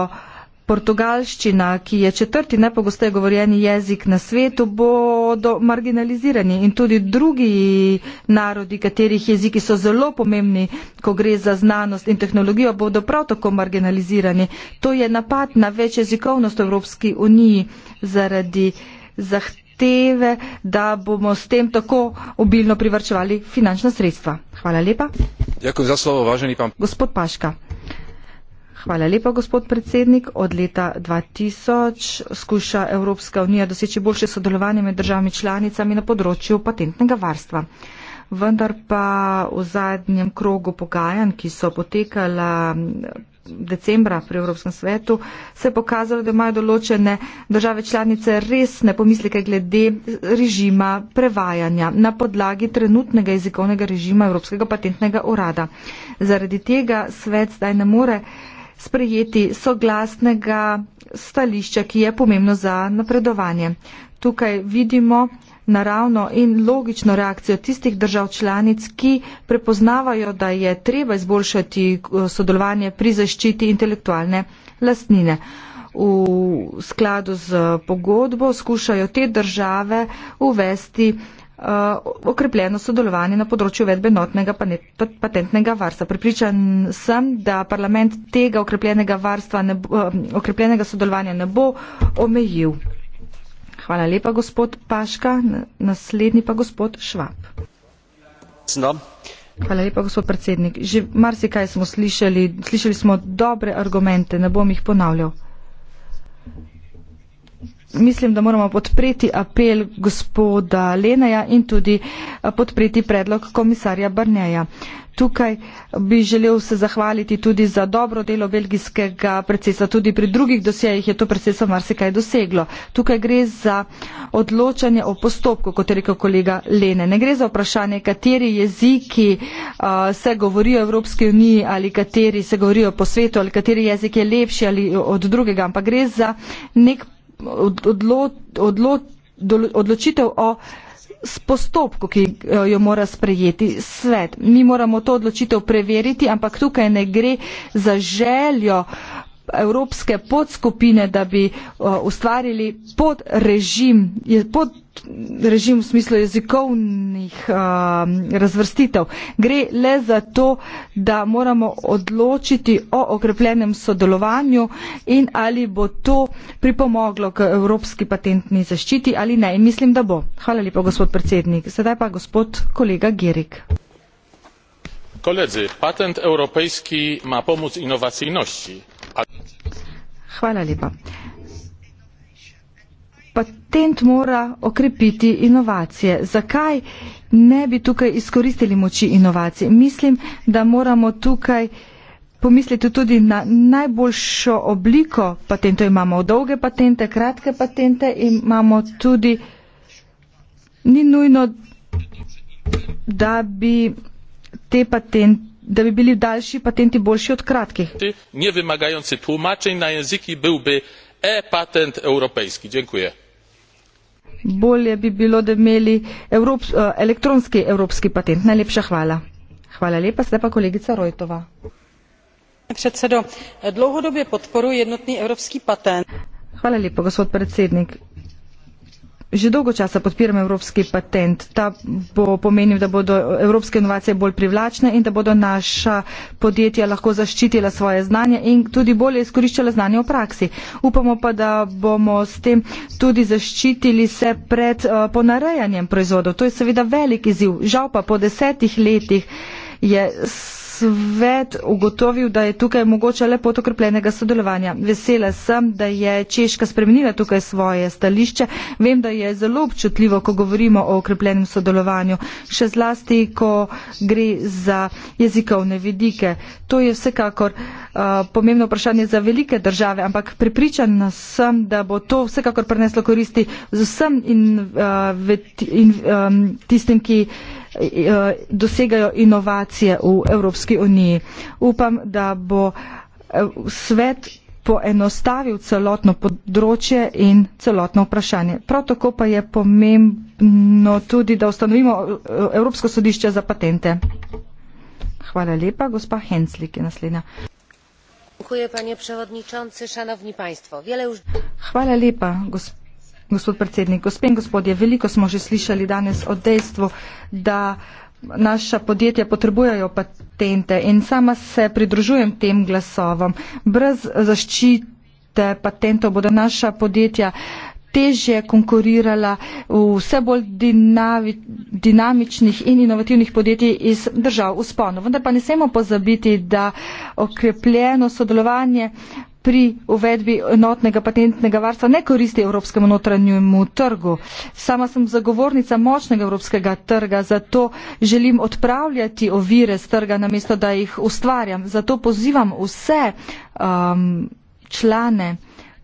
portugalščina, ki je četrti najpogosteje govorjeni jezik na svetu, bodo marginalizirani in tudi drugi narodi, katerih jeziki so zelo pomembni, ko gre za znanost in tehnologijo, bodo prav tako marginalizirani. To je napad na večjezikovnost v Evropski uniji zaradi zahtev zahteve, da bomo s tem tako obilno privrčevali finančna sredstva. Hvala lepa. Dakujem za slovo, važeni pa. Gospod Paška. Hvala lepa, gospod predsednik. Od leta 2000 skuša Evropska unija doseči boljše sodelovanje med državami članicami na področju patentnega varstva. Vendar pa v zadnjem krogu pogajanj, ki so potekala decembra pri Evropskem svetu, se je pokazalo, da imajo določene države članice resne pomislike glede režima prevajanja na podlagi trenutnega jezikovnega režima Evropskega patentnega urada. Zaradi tega svet zdaj ne more sprejeti soglasnega stališča, ki je pomembno za napredovanje. Tukaj vidimo, naravno in logično reakcijo tistih držav članic, ki prepoznavajo, da je treba izboljšati eh, sodelovanje pri zaščiti intelektualne lastnine. V skladu z pogodbo skušajo te države uvesti uh, okrepljeno sodelovanje na področju vedbe notnega patentnega varstva. Pripričan sem, da parlament tega okrepljenega, ne, uh, okrepljenega sodelovanja ne bo omejil. Hvala lepa, gospod Paška. Naslednji pa gospod Švab. No. Hvala lepa, gospod predsednik. Že marsikaj smo slišali, slišali smo dobre argumente, ne bom jih ponavljal mislim, da moramo podpreti apel gospoda Leneja in tudi eh, podpreti predlog komisarja Barneja. Tukaj bi želel se zahvaliti tudi za dobro delo belgijskega predsedstva. Tudi pri drugih dosjejih je to predsedstvo marsikaj doseglo. Tukaj gre za odločanje o postopku, kot je rekel kolega Lene. Ne gre za vprašanje, kateri jeziki uh, se govorijo v Evropski uniji ali kateri se govorijo po svetu ali kateri jezik je lepši ali od drugega, ampak gre za nek odlo, odlo, odločitev o postopku, ki jo mora sprejeti svet. Mi moramo to odločitev preveriti, ampak tukaj ne gre za željo evropske podskupine, da bi uh, ustvarili pod režim, pod režim v smislu jezikovnih uh, razvrstitev. Gre le za to, da moramo odločiti o okrepljenem sodelovanju in ali bo to pripomoglo k evropski patentni zaščiti ali ne. In mislim, da bo. Hvala lepa, gospod predsednik. Sedaj pa gospod kolega Gerik. Koledzy, patent europejski ma pomóc innowacyjności. Hvala lepa. Patent mora okrepiti inovacije. Zakaj ne bi tukaj izkoristili moči inovacij? Mislim, da moramo tukaj pomisliti tudi na najboljšo obliko patentov. Imamo dolge patente, kratke patente in imamo tudi. Ni nujno, da bi te patente da bi bili daljši patenti boljši od kratkih. Nie wymagający tłumaczeń na języki byłby e-patent europejski. Dziękuję. Bolje bi bilo, da imeli Evrop, e, elektronski evropski patent. Najlepša hvala. Hvala lepa, zdaj pa kolegica Rojtova. Predsedo, dlouhodobě podporuji jednotný evropský patent. Hvala lepa, gospod predsednik že dolgo časa podpiram evropski patent. Ta bo pomenil, da bodo evropske inovacije bolj privlačne in da bodo naša podjetja lahko zaščitila svoje znanje in tudi bolje izkoriščala znanje v praksi. Upamo pa, da bomo s tem tudi zaščitili se pred uh, ponarejanjem proizvodov. To je seveda velik izziv. Žal pa po desetih letih je svet ugotovil, da je tukaj mogoče le pot okrepljenega sodelovanja. Vesela sem, da je Češka spremenila tukaj svoje stališče. Vem, da je zelo občutljivo, ko govorimo o okrepljenem sodelovanju, še zlasti, ko gre za jezikovne vidike. To je vsekakor uh, pomembno vprašanje za velike države, ampak pripričan sem, da bo to vsekakor preneslo koristi z vsem in, uh, in um, tistim, ki. Eh, dosegajo inovacije v Evropski uniji. Upam, da bo eh, svet poenostavil celotno področje in celotno vprašanje. Prav tako pa je pomembno tudi, da ustanovimo eh, Evropsko sodišče za patente. Hvala lepa. Gospa Henslik je naslednja. Hvala lepa, gospod gospod predsednik. Gospe in gospodje, veliko smo že slišali danes o dejstvu, da naša podjetja potrebujejo patente in sama se pridružujem tem glasovom. Brez zaščite patentov bodo naša podjetja težje konkurirala v vse bolj dinavi, dinamičnih in inovativnih podjetij iz držav v sponu. Vendar pa ne smemo pozabiti, da okrepljeno sodelovanje pri uvedbi enotnega patentnega varstva ne koristi evropskemu notranjemu trgu. Sama sem zagovornica močnega evropskega trga, zato želim odpravljati ovire z trga, namesto da jih ustvarjam. Zato pozivam vse um, člane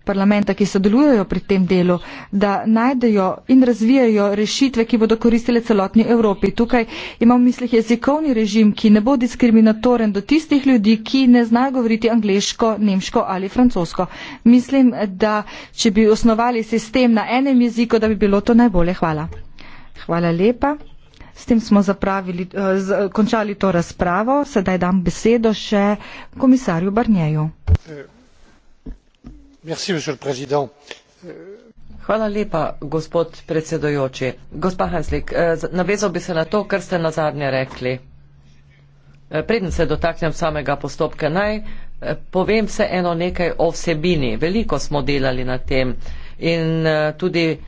parlamenta, ki sodelujejo pri tem delu, da najdejo in razvijajo rešitve, ki bodo koristile celotni Evropi. Tukaj imam v mislih jezikovni režim, ki ne bo diskriminatoren do tistih ljudi, ki ne znajo govoriti angliško, nemško ali francosko. Mislim, da če bi osnovali sistem na enem jeziku, da bi bilo to najbolje. Hvala. Hvala lepa. S tem smo zapravili, eh, z, končali to razpravo. Sedaj dam besedo še komisarju Barnjeju. E monsieur le président euh, hvala lepa gospod predsedujoči gospa hanslik eh, navezal bi se na to kar ste nazadnje rekli eh, preden se dotaknem samega postopka naj eh, povem vseeno nekaj o vsebini veliko smo delali na tem in tudi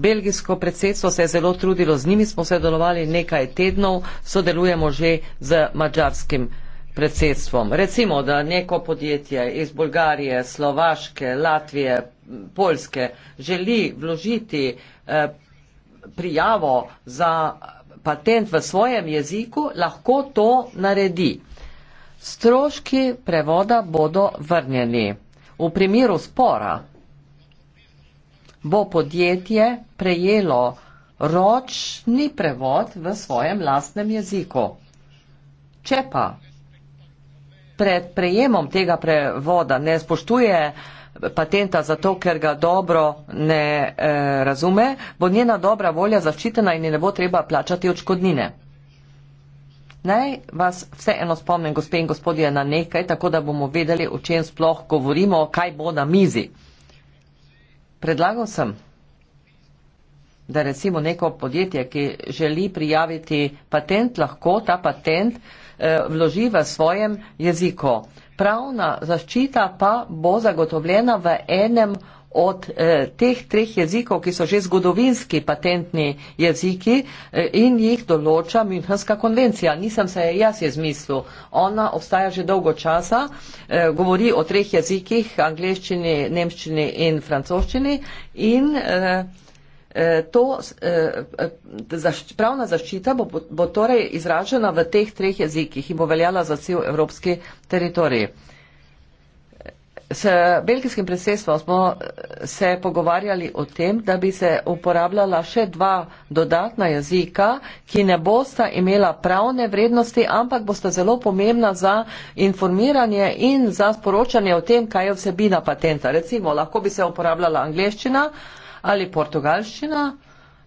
Belgijsko predsedstvo se je zelo trudilo, z njimi smo sodelovali nekaj tednov, sodelujemo že z mađarskim predsedstvom. Recimo, da neko podjetje iz Bolgarije, Slovaške, Latvije, Poljske želi vložiti eh, prijavo za patent v svojem jeziku, lahko to naredi. Stroški prevoda bodo vrnjeni. V primeru spora bo podjetje prejelo ročni prevod v svojem lastnem jeziku. Če pa pred prejemom tega prevoda, ne spoštuje patenta zato, ker ga dobro ne eh, razume, bo njena dobra volja zaščitena in ji ne bo treba plačati odškodnine. Naj vas vseeno spomnim, gospe in gospodje, na nekaj, tako da bomo vedeli, o čem sploh govorimo, kaj bo na mizi. Predlagal sem, da recimo neko podjetje, ki želi prijaviti patent, lahko ta patent eh, Eh, vloži v svojem jeziku. Pravna zaščita pa bo zagotovljena v enem od eh, teh treh jezikov, ki so že zgodovinski patentni jeziki eh, in jih določa Münchenska konvencija. Nisem se jaz izmislil. Ona obstaja že dolgo časa, eh, govori o treh jezikih, angliščini, nemščini in francoščini in eh, Eh, to, eh, eh, pravna zaščita bo, bo torej izražena v teh treh jezikih in bo veljala za cel evropski teritorij. S belgijskim predsedstvom smo se pogovarjali o tem, da bi se uporabljala še dva dodatna jezika, ki ne bosta imela pravne vrednosti, ampak bosta zelo pomembna za informiranje in za sporočanje o tem, kaj je vsebina patenta. Recimo, lahko bi se uporabljala angleščina, ali portugalščina,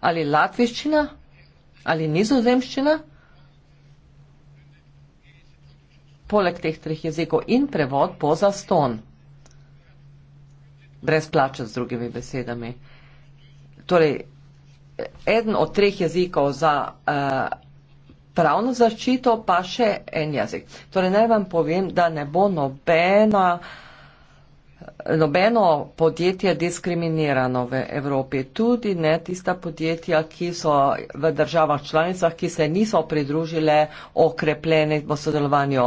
ali latviščina, ali nizozemščina. Poleg teh treh jezikov in prevod bo za ston. Brez plače z drugimi besedami. Torej, eden od treh jezikov za uh, pravno zaščito, pa še en jezik. Torej, naj vam povem, da ne bo nobena uh, Nobeno podjetje diskriminirano v Evropi, tudi ne tista podjetja, ki so v državah članicah, ki se niso pridružile okrepljeni v sodelovanju.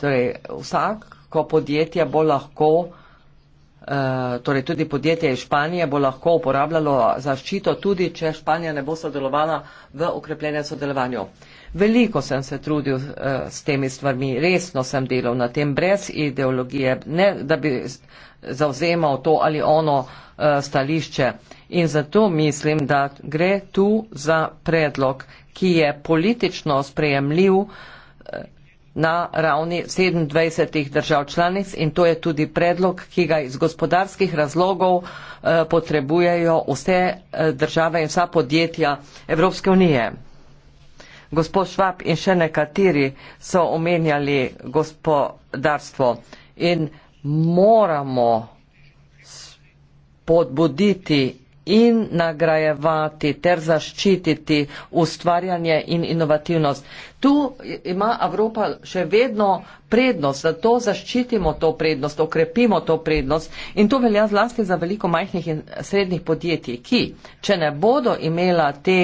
Torej, vsako podjetje bo lahko, eh, torej tudi podjetje iz Španije bo lahko uporabljalo zaščito, tudi če Španija ne bo sodelovala v okrepljenem sodelovanju. Veliko sem se trudil uh, s temi stvarmi, resno sem delal na tem, brez ideologije, ne da bi zauzemal to ali ono uh, stališče. In zato mislim, da gre tu za predlog, ki je politično sprejemljiv eh, na ravni 27 držav članic in to je tudi predlog, ki ga iz gospodarskih razlogov uh, potrebujejo vse uh, države in vsa podjetja Evropske unije gospod Švab in še nekateri so omenjali gospodarstvo in moramo podbuditi in nagrajevati ter zaščititi ustvarjanje in inovativnost. Tu ima Evropa še vedno prednost, zato zaščitimo to prednost, okrepimo to prednost in to velja zlasti za veliko majhnih in srednjih podjetij, ki, če ne bodo imela te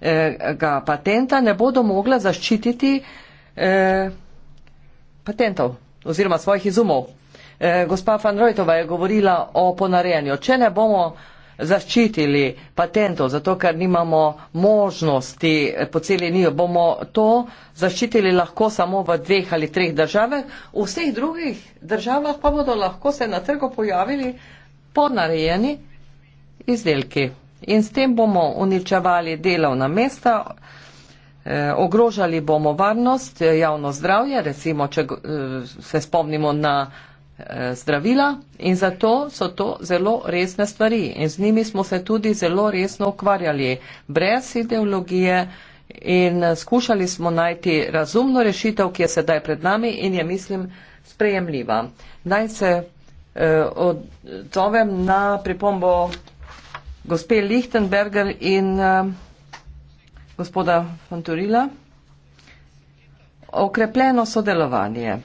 ga eh, patenta ne bodo mogla zaščititi eh, patentov oziroma svojih izumov. Eh, gospa Van Rojtova je govorila o ponarejanju. Če ne bomo zaščitili patentov, zato ker nimamo možnosti eh, po celi njo, bomo to zaščitili lahko samo v dveh ali treh državah, v vseh drugih državah pa bodo lahko se na trgu pojavili ponarejeni izdelki. In s tem bomo uničevali delovna mesta, eh, ogrožali bomo varnost, eh, javno zdravje, recimo, če eh, se spomnimo na zdravila. In zato so to zelo resne stvari. In z njimi smo se tudi zelo resno ukvarjali, brez ideologije. In skušali smo najti razumno rešitev, ki je sedaj pred nami in je, mislim, sprejemljiva. Naj se eh, odzovem na pripombo gospe Lichtenberger in eh, gospoda Fanturila. Okrepljeno sodelovanje.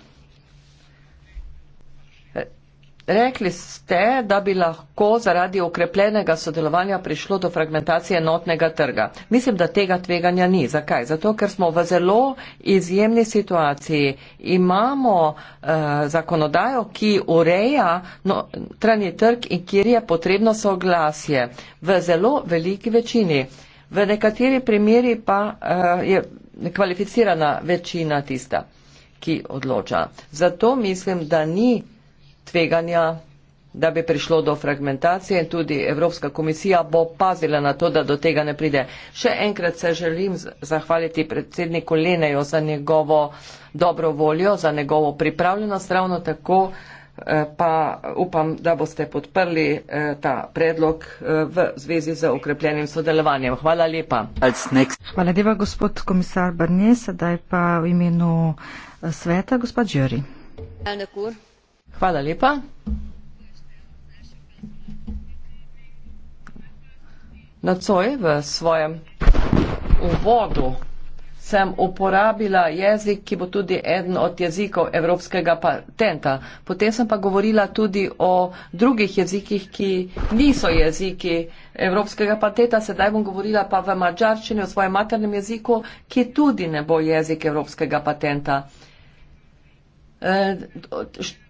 Rekli ste, da bi lahko zaradi okrepljenega sodelovanja prišlo do fragmentacije notnega trga. Mislim, da tega tveganja ni. Zakaj? Zato, ker smo v zelo izjemni situaciji. Imamo eh, zakonodajo, ki ureja no, notranji trg in kjer je potrebno soglasje v zelo veliki večini. V nekateri primeri pa eh, je kvalificirana večina tista ki odloča. Zato mislim, da ni tveganja, da bi prišlo do fragmentacije in tudi Evropska komisija bo pazila na to, da do tega ne pride. Še enkrat se želim zahvaliti predsedniku Leneju za njegovo dobro voljo, za njegovo pripravljenost ravno tako, eh, pa upam, da boste podprli eh, ta predlog eh, v zvezi z ukrepljenim sodelovanjem. Hvala lepa. Hvala lepa, gospod komisar Barnje, sedaj pa v imenu sveta, gospod Džeri. Hvala lepa. Nocoj v svojem uvodu sem uporabila jezik, ki bo tudi eden od jezikov evropskega patenta. Potem sem pa govorila tudi o drugih jezikih, ki niso jeziki evropskega patenta. Sedaj bom govorila pa v mačarščini o svojem maternem jeziku, ki tudi ne bo jezik evropskega patenta. Uh,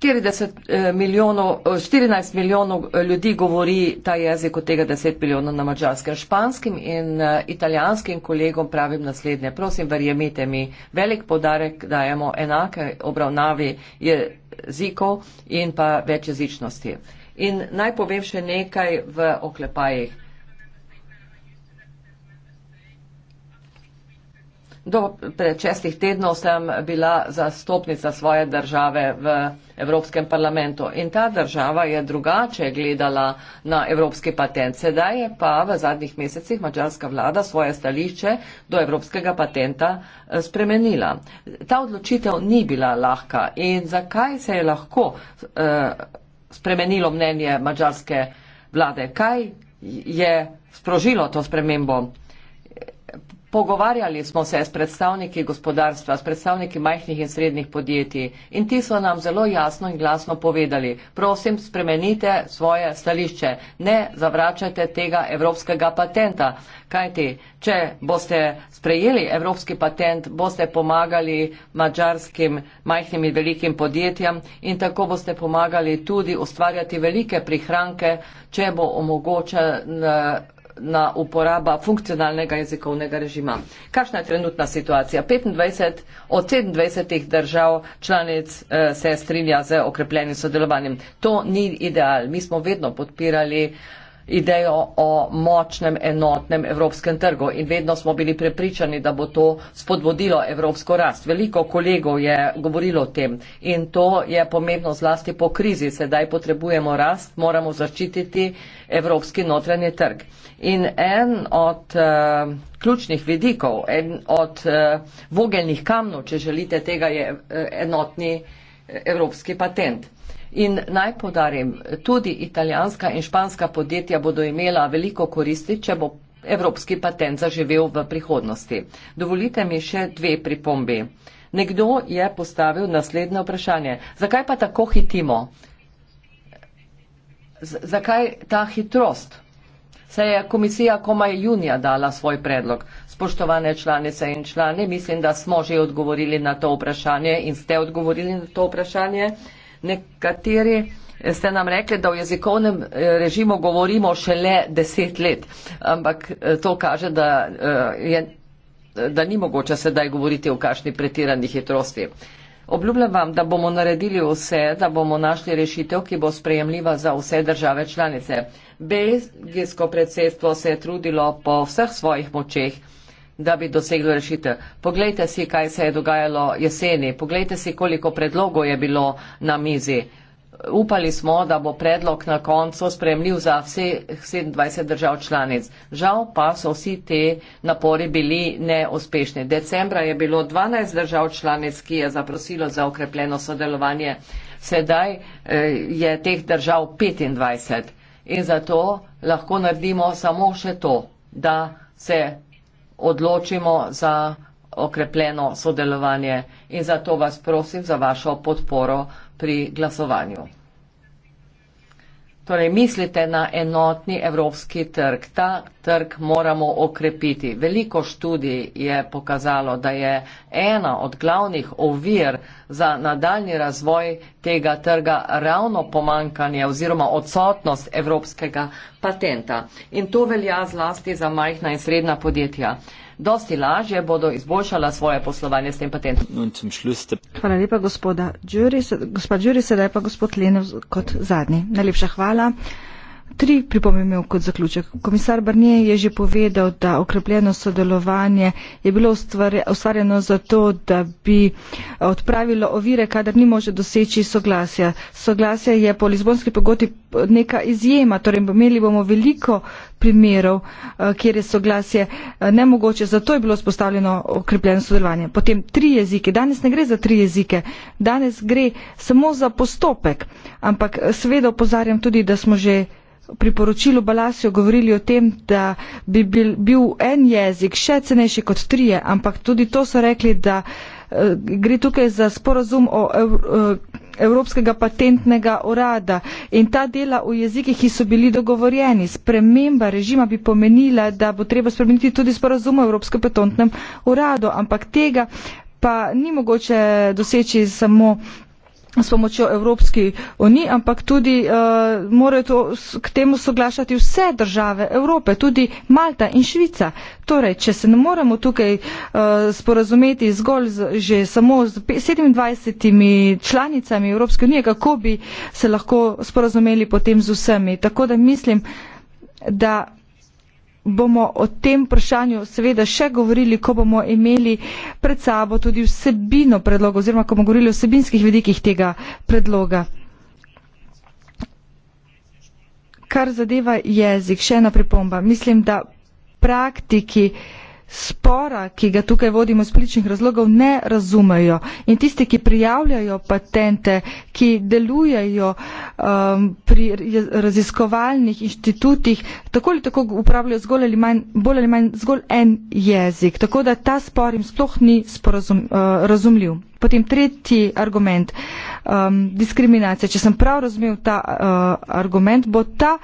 40 eh, milijonov, 14 eh, milijonov eh, ljudi govori ta jezik od tega 10 milijonov na mačarskem. Španskim in italijanskim kolegom pravim naslednje. Prosim, verjemite mi, velik podarek dajemo enake obravnavi jezikov in pa večjezičnosti. In naj povem še nekaj v oklepajih. Do pred šestih tednov sem bila zastopnica svoje države v Evropskem parlamentu in ta država je drugače gledala na evropski patent. Sedaj je pa v zadnjih mesecih mačarska vlada svoje stališče do evropskega patenta eh, spremenila. Ta odločitev ni bila lahka in zakaj se je lahko eh, spremenilo mnenje mačarske vlade? Kaj je sprožilo to spremembo? Pogovarjali smo se s predstavniki gospodarstva, s predstavniki majhnih in srednjih podjetij in ti so nam zelo jasno in glasno povedali, prosim, spremenite svoje stališče, ne zavračajte tega evropskega patenta. Kajti, če boste sprejeli evropski patent, boste pomagali mađarskim majhnim in velikim podjetjem in tako boste pomagali tudi ustvarjati velike prihranke, če bo omogočen. Uh, na uporaba funkcionalnega jezikovnega režima. Kakšna je trenutna situacija? 25 od 27 držav članic eh, se strinja z okrepljenim sodelovanjem. To ni ideal. Mi smo vedno podpirali uh, idejo o močnem, enotnem evropskem trgu in vedno smo bili prepričani, da bo to spodbudilo evropsko rast. Veliko kolegov je govorilo o tem in to je pomembno zlasti po krizi. Sedaj potrebujemo rast, moramo zaščititi evropski notranji trg. In en od uh, ključnih vidikov, en od uh, vogelnih kamnov, če želite, tega je uh, enotni evropski patent. Uh, In naj podarim, tudi italijanska in španska podjetja bodo imela veliko koristi, če bo evropski patent zaživel v prihodnosti. Dovolite mi še dve pripombi. Nekdo je postavil naslednje vprašanje. Zakaj pa tako hitimo? Z zakaj ta hitrost? Se je komisija komaj junija dala svoj predlog. Spoštovane članice in člani, mislim, da smo že odgovorili na to vprašanje in ste odgovorili na to vprašanje. Uh, Nekateri ste nam rekli, da v jezikovnem eh, režimu govorimo šele deset let, ampak eh, to kaže, da, eh, je, da ni mogoče sedaj govoriti o kašni pretirani hitrosti. Obljubljam vam, da bomo naredili vse, da bomo našli rešitev, ki bo sprejemljiva za vse države članice. Belgijsko predsedstvo se je trudilo po vseh svojih močeh da bi doseglo rešitev. Poglejte si, kaj se je dogajalo jeseni, poglejte si, koliko predlogov je bilo na mizi. Upali smo, da bo predlog na koncu spremljiv za vseh 27 držav članic. Žal pa so vsi te napori bili neuspešni. Decembra je bilo 12 držav članic, ki je zaprosilo za okrepljeno sodelovanje. Sedaj eh, je teh držav 25 in zato lahko naredimo samo še to, da se odločimo za okrepljeno sodelovanje in zato vas prosim za vašo podporo pri glasovanju. Torej, mislite na enotni evropski trg. Ta trg moramo okrepiti. Veliko študij je pokazalo, da je ena od glavnih ovir za nadaljni razvoj tega trga ravno pomankanje oziroma odsotnost evropskega patenta. In to velja zlasti za majhna in srednja podjetja dosti lažje bodo izboljšala svoje poslovanje s tem patentom. Hvala lepa, gospod Đuri, sedaj pa gospod Lenov kot zadnji. Najlepša hvala. Tri pripomembe kot zaključek. Komisar Barnier je že povedal, da okrepljeno sodelovanje je bilo ustvarjeno zato, da bi eh, odpravilo ovire, kadar ni može doseči soglasja. Soglasje je po Lizbonski pogoti neka izjema, torej imeli bomo veliko primerov, eh, kjer je soglasje eh, nemogoče, zato je bilo spostavljeno okrepljeno sodelovanje. Potem tri jezike, danes ne gre za tri jezike, danes gre samo za postopek, ampak eh, seveda opozarjam tudi, da smo že pri poročilu Balasijo govorili o tem, da bi bil, bil en jezik še cenejši kot trije, ampak tudi to so rekli, da gre tukaj za sporazum o. Evro, Evropskega patentnega urada in ta dela v jezikih, ki so bili dogovorjeni. Sprememba režima bi pomenila, da bo treba spremeniti tudi sporazum o Evropskem patentnem uradu, ampak tega pa ni mogoče doseči samo s pomočjo Evropske unije, ampak tudi uh, morajo to, k temu soglašati vse države Evrope, tudi Malta in Švica. Torej, če se ne moremo tukaj uh, sporazumeti zgolj z, že samo z 27 članicami Evropske unije, kako bi se lahko sporazumeli potem z vsemi. Tako da mislim, da bomo o tem vprašanju seveda še govorili, ko bomo imeli pred sabo tudi vsebino predloga oziroma ko bomo govorili o vsebinskih vedikih tega predloga. Kar zadeva jezik, še ena pripomba. Mislim, da praktiki uh, spora, ki ga tukaj vodimo iz političnih razlogov, ne razumejo. In tisti, ki prijavljajo patente, ki delujejo um, pri raziskovalnih inštitutih, tako ali tako upravljajo zgolj ali manj, bolj ali manj zgolj en jezik. Tako da ta spor jim sploh ni sporazum, uh, razumljiv. Potem tretji argument. Um, diskriminacija. Če sem prav razumel ta uh, argument, bo ta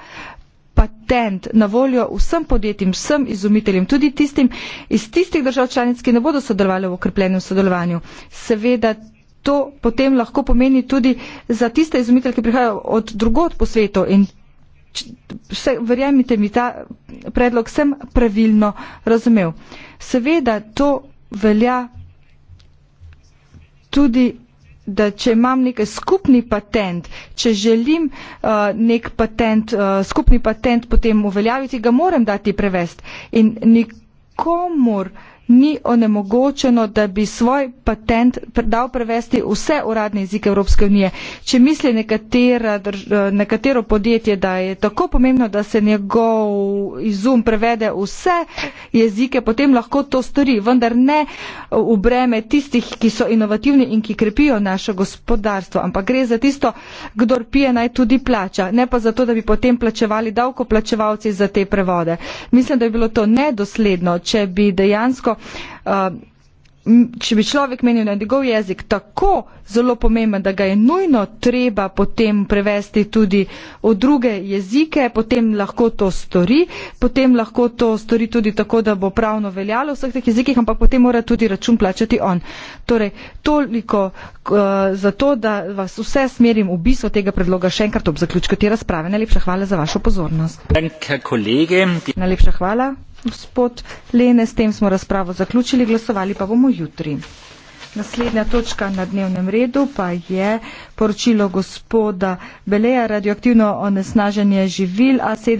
patent na voljo vsem podjetjem, vsem izumiteljem, tudi tistim iz tistih držav članic, ki ne bodo sodelovali v okrepljenem sodelovanju. Seveda to potem lahko pomeni tudi za tiste izumitelje, ki prihajajo od drugot po svetu in vse, verjemite mi, ta predlog sem pravilno razumel. Seveda to velja tudi da če imam nek skupni patent, če želim uh, nek patent, uh, skupni patent potem uveljaviti, ga moram dati prevest. In nikomor uh, ni onemogočeno, da bi svoj patent dal prevesti vse uradne jezike Evropske unije. Če misli eh, nekatero podjetje, da je tako pomembno, da se njegov izum prevede vse jezike, potem lahko to stori, vendar ne eh, v breme tistih, ki so inovativni in ki krepijo naše gospodarstvo, ampak gre za tisto, kdor pije naj tudi plača, ne pa zato, da bi potem plačevali davkoplačevalci za te prevode. Mislim, da je bilo to nedosledno, če bi dejansko Eh, če bi človek menil, da je njegov jezik tako zelo pomemben, da ga je nujno treba potem prevesti tudi v druge jezike, potem lahko to stori, potem lahko to stori tudi tako, da bo pravno veljalo v vseh teh jezikih, ampak potem mora tudi račun plačati on. Torej, toliko uh, za to, da vas vse smerim v bistvo tega predloga. Še enkrat ob zaključku te razprave. Najlepša hvala za vašo pozornost. Najlepša hvala gospod Lene, s tem smo razpravo zaključili, glasovali pa bomo jutri. Naslednja točka na dnevnem redu pa je poročilo gospoda Beleja, radioaktivno onesnaženje živil A7.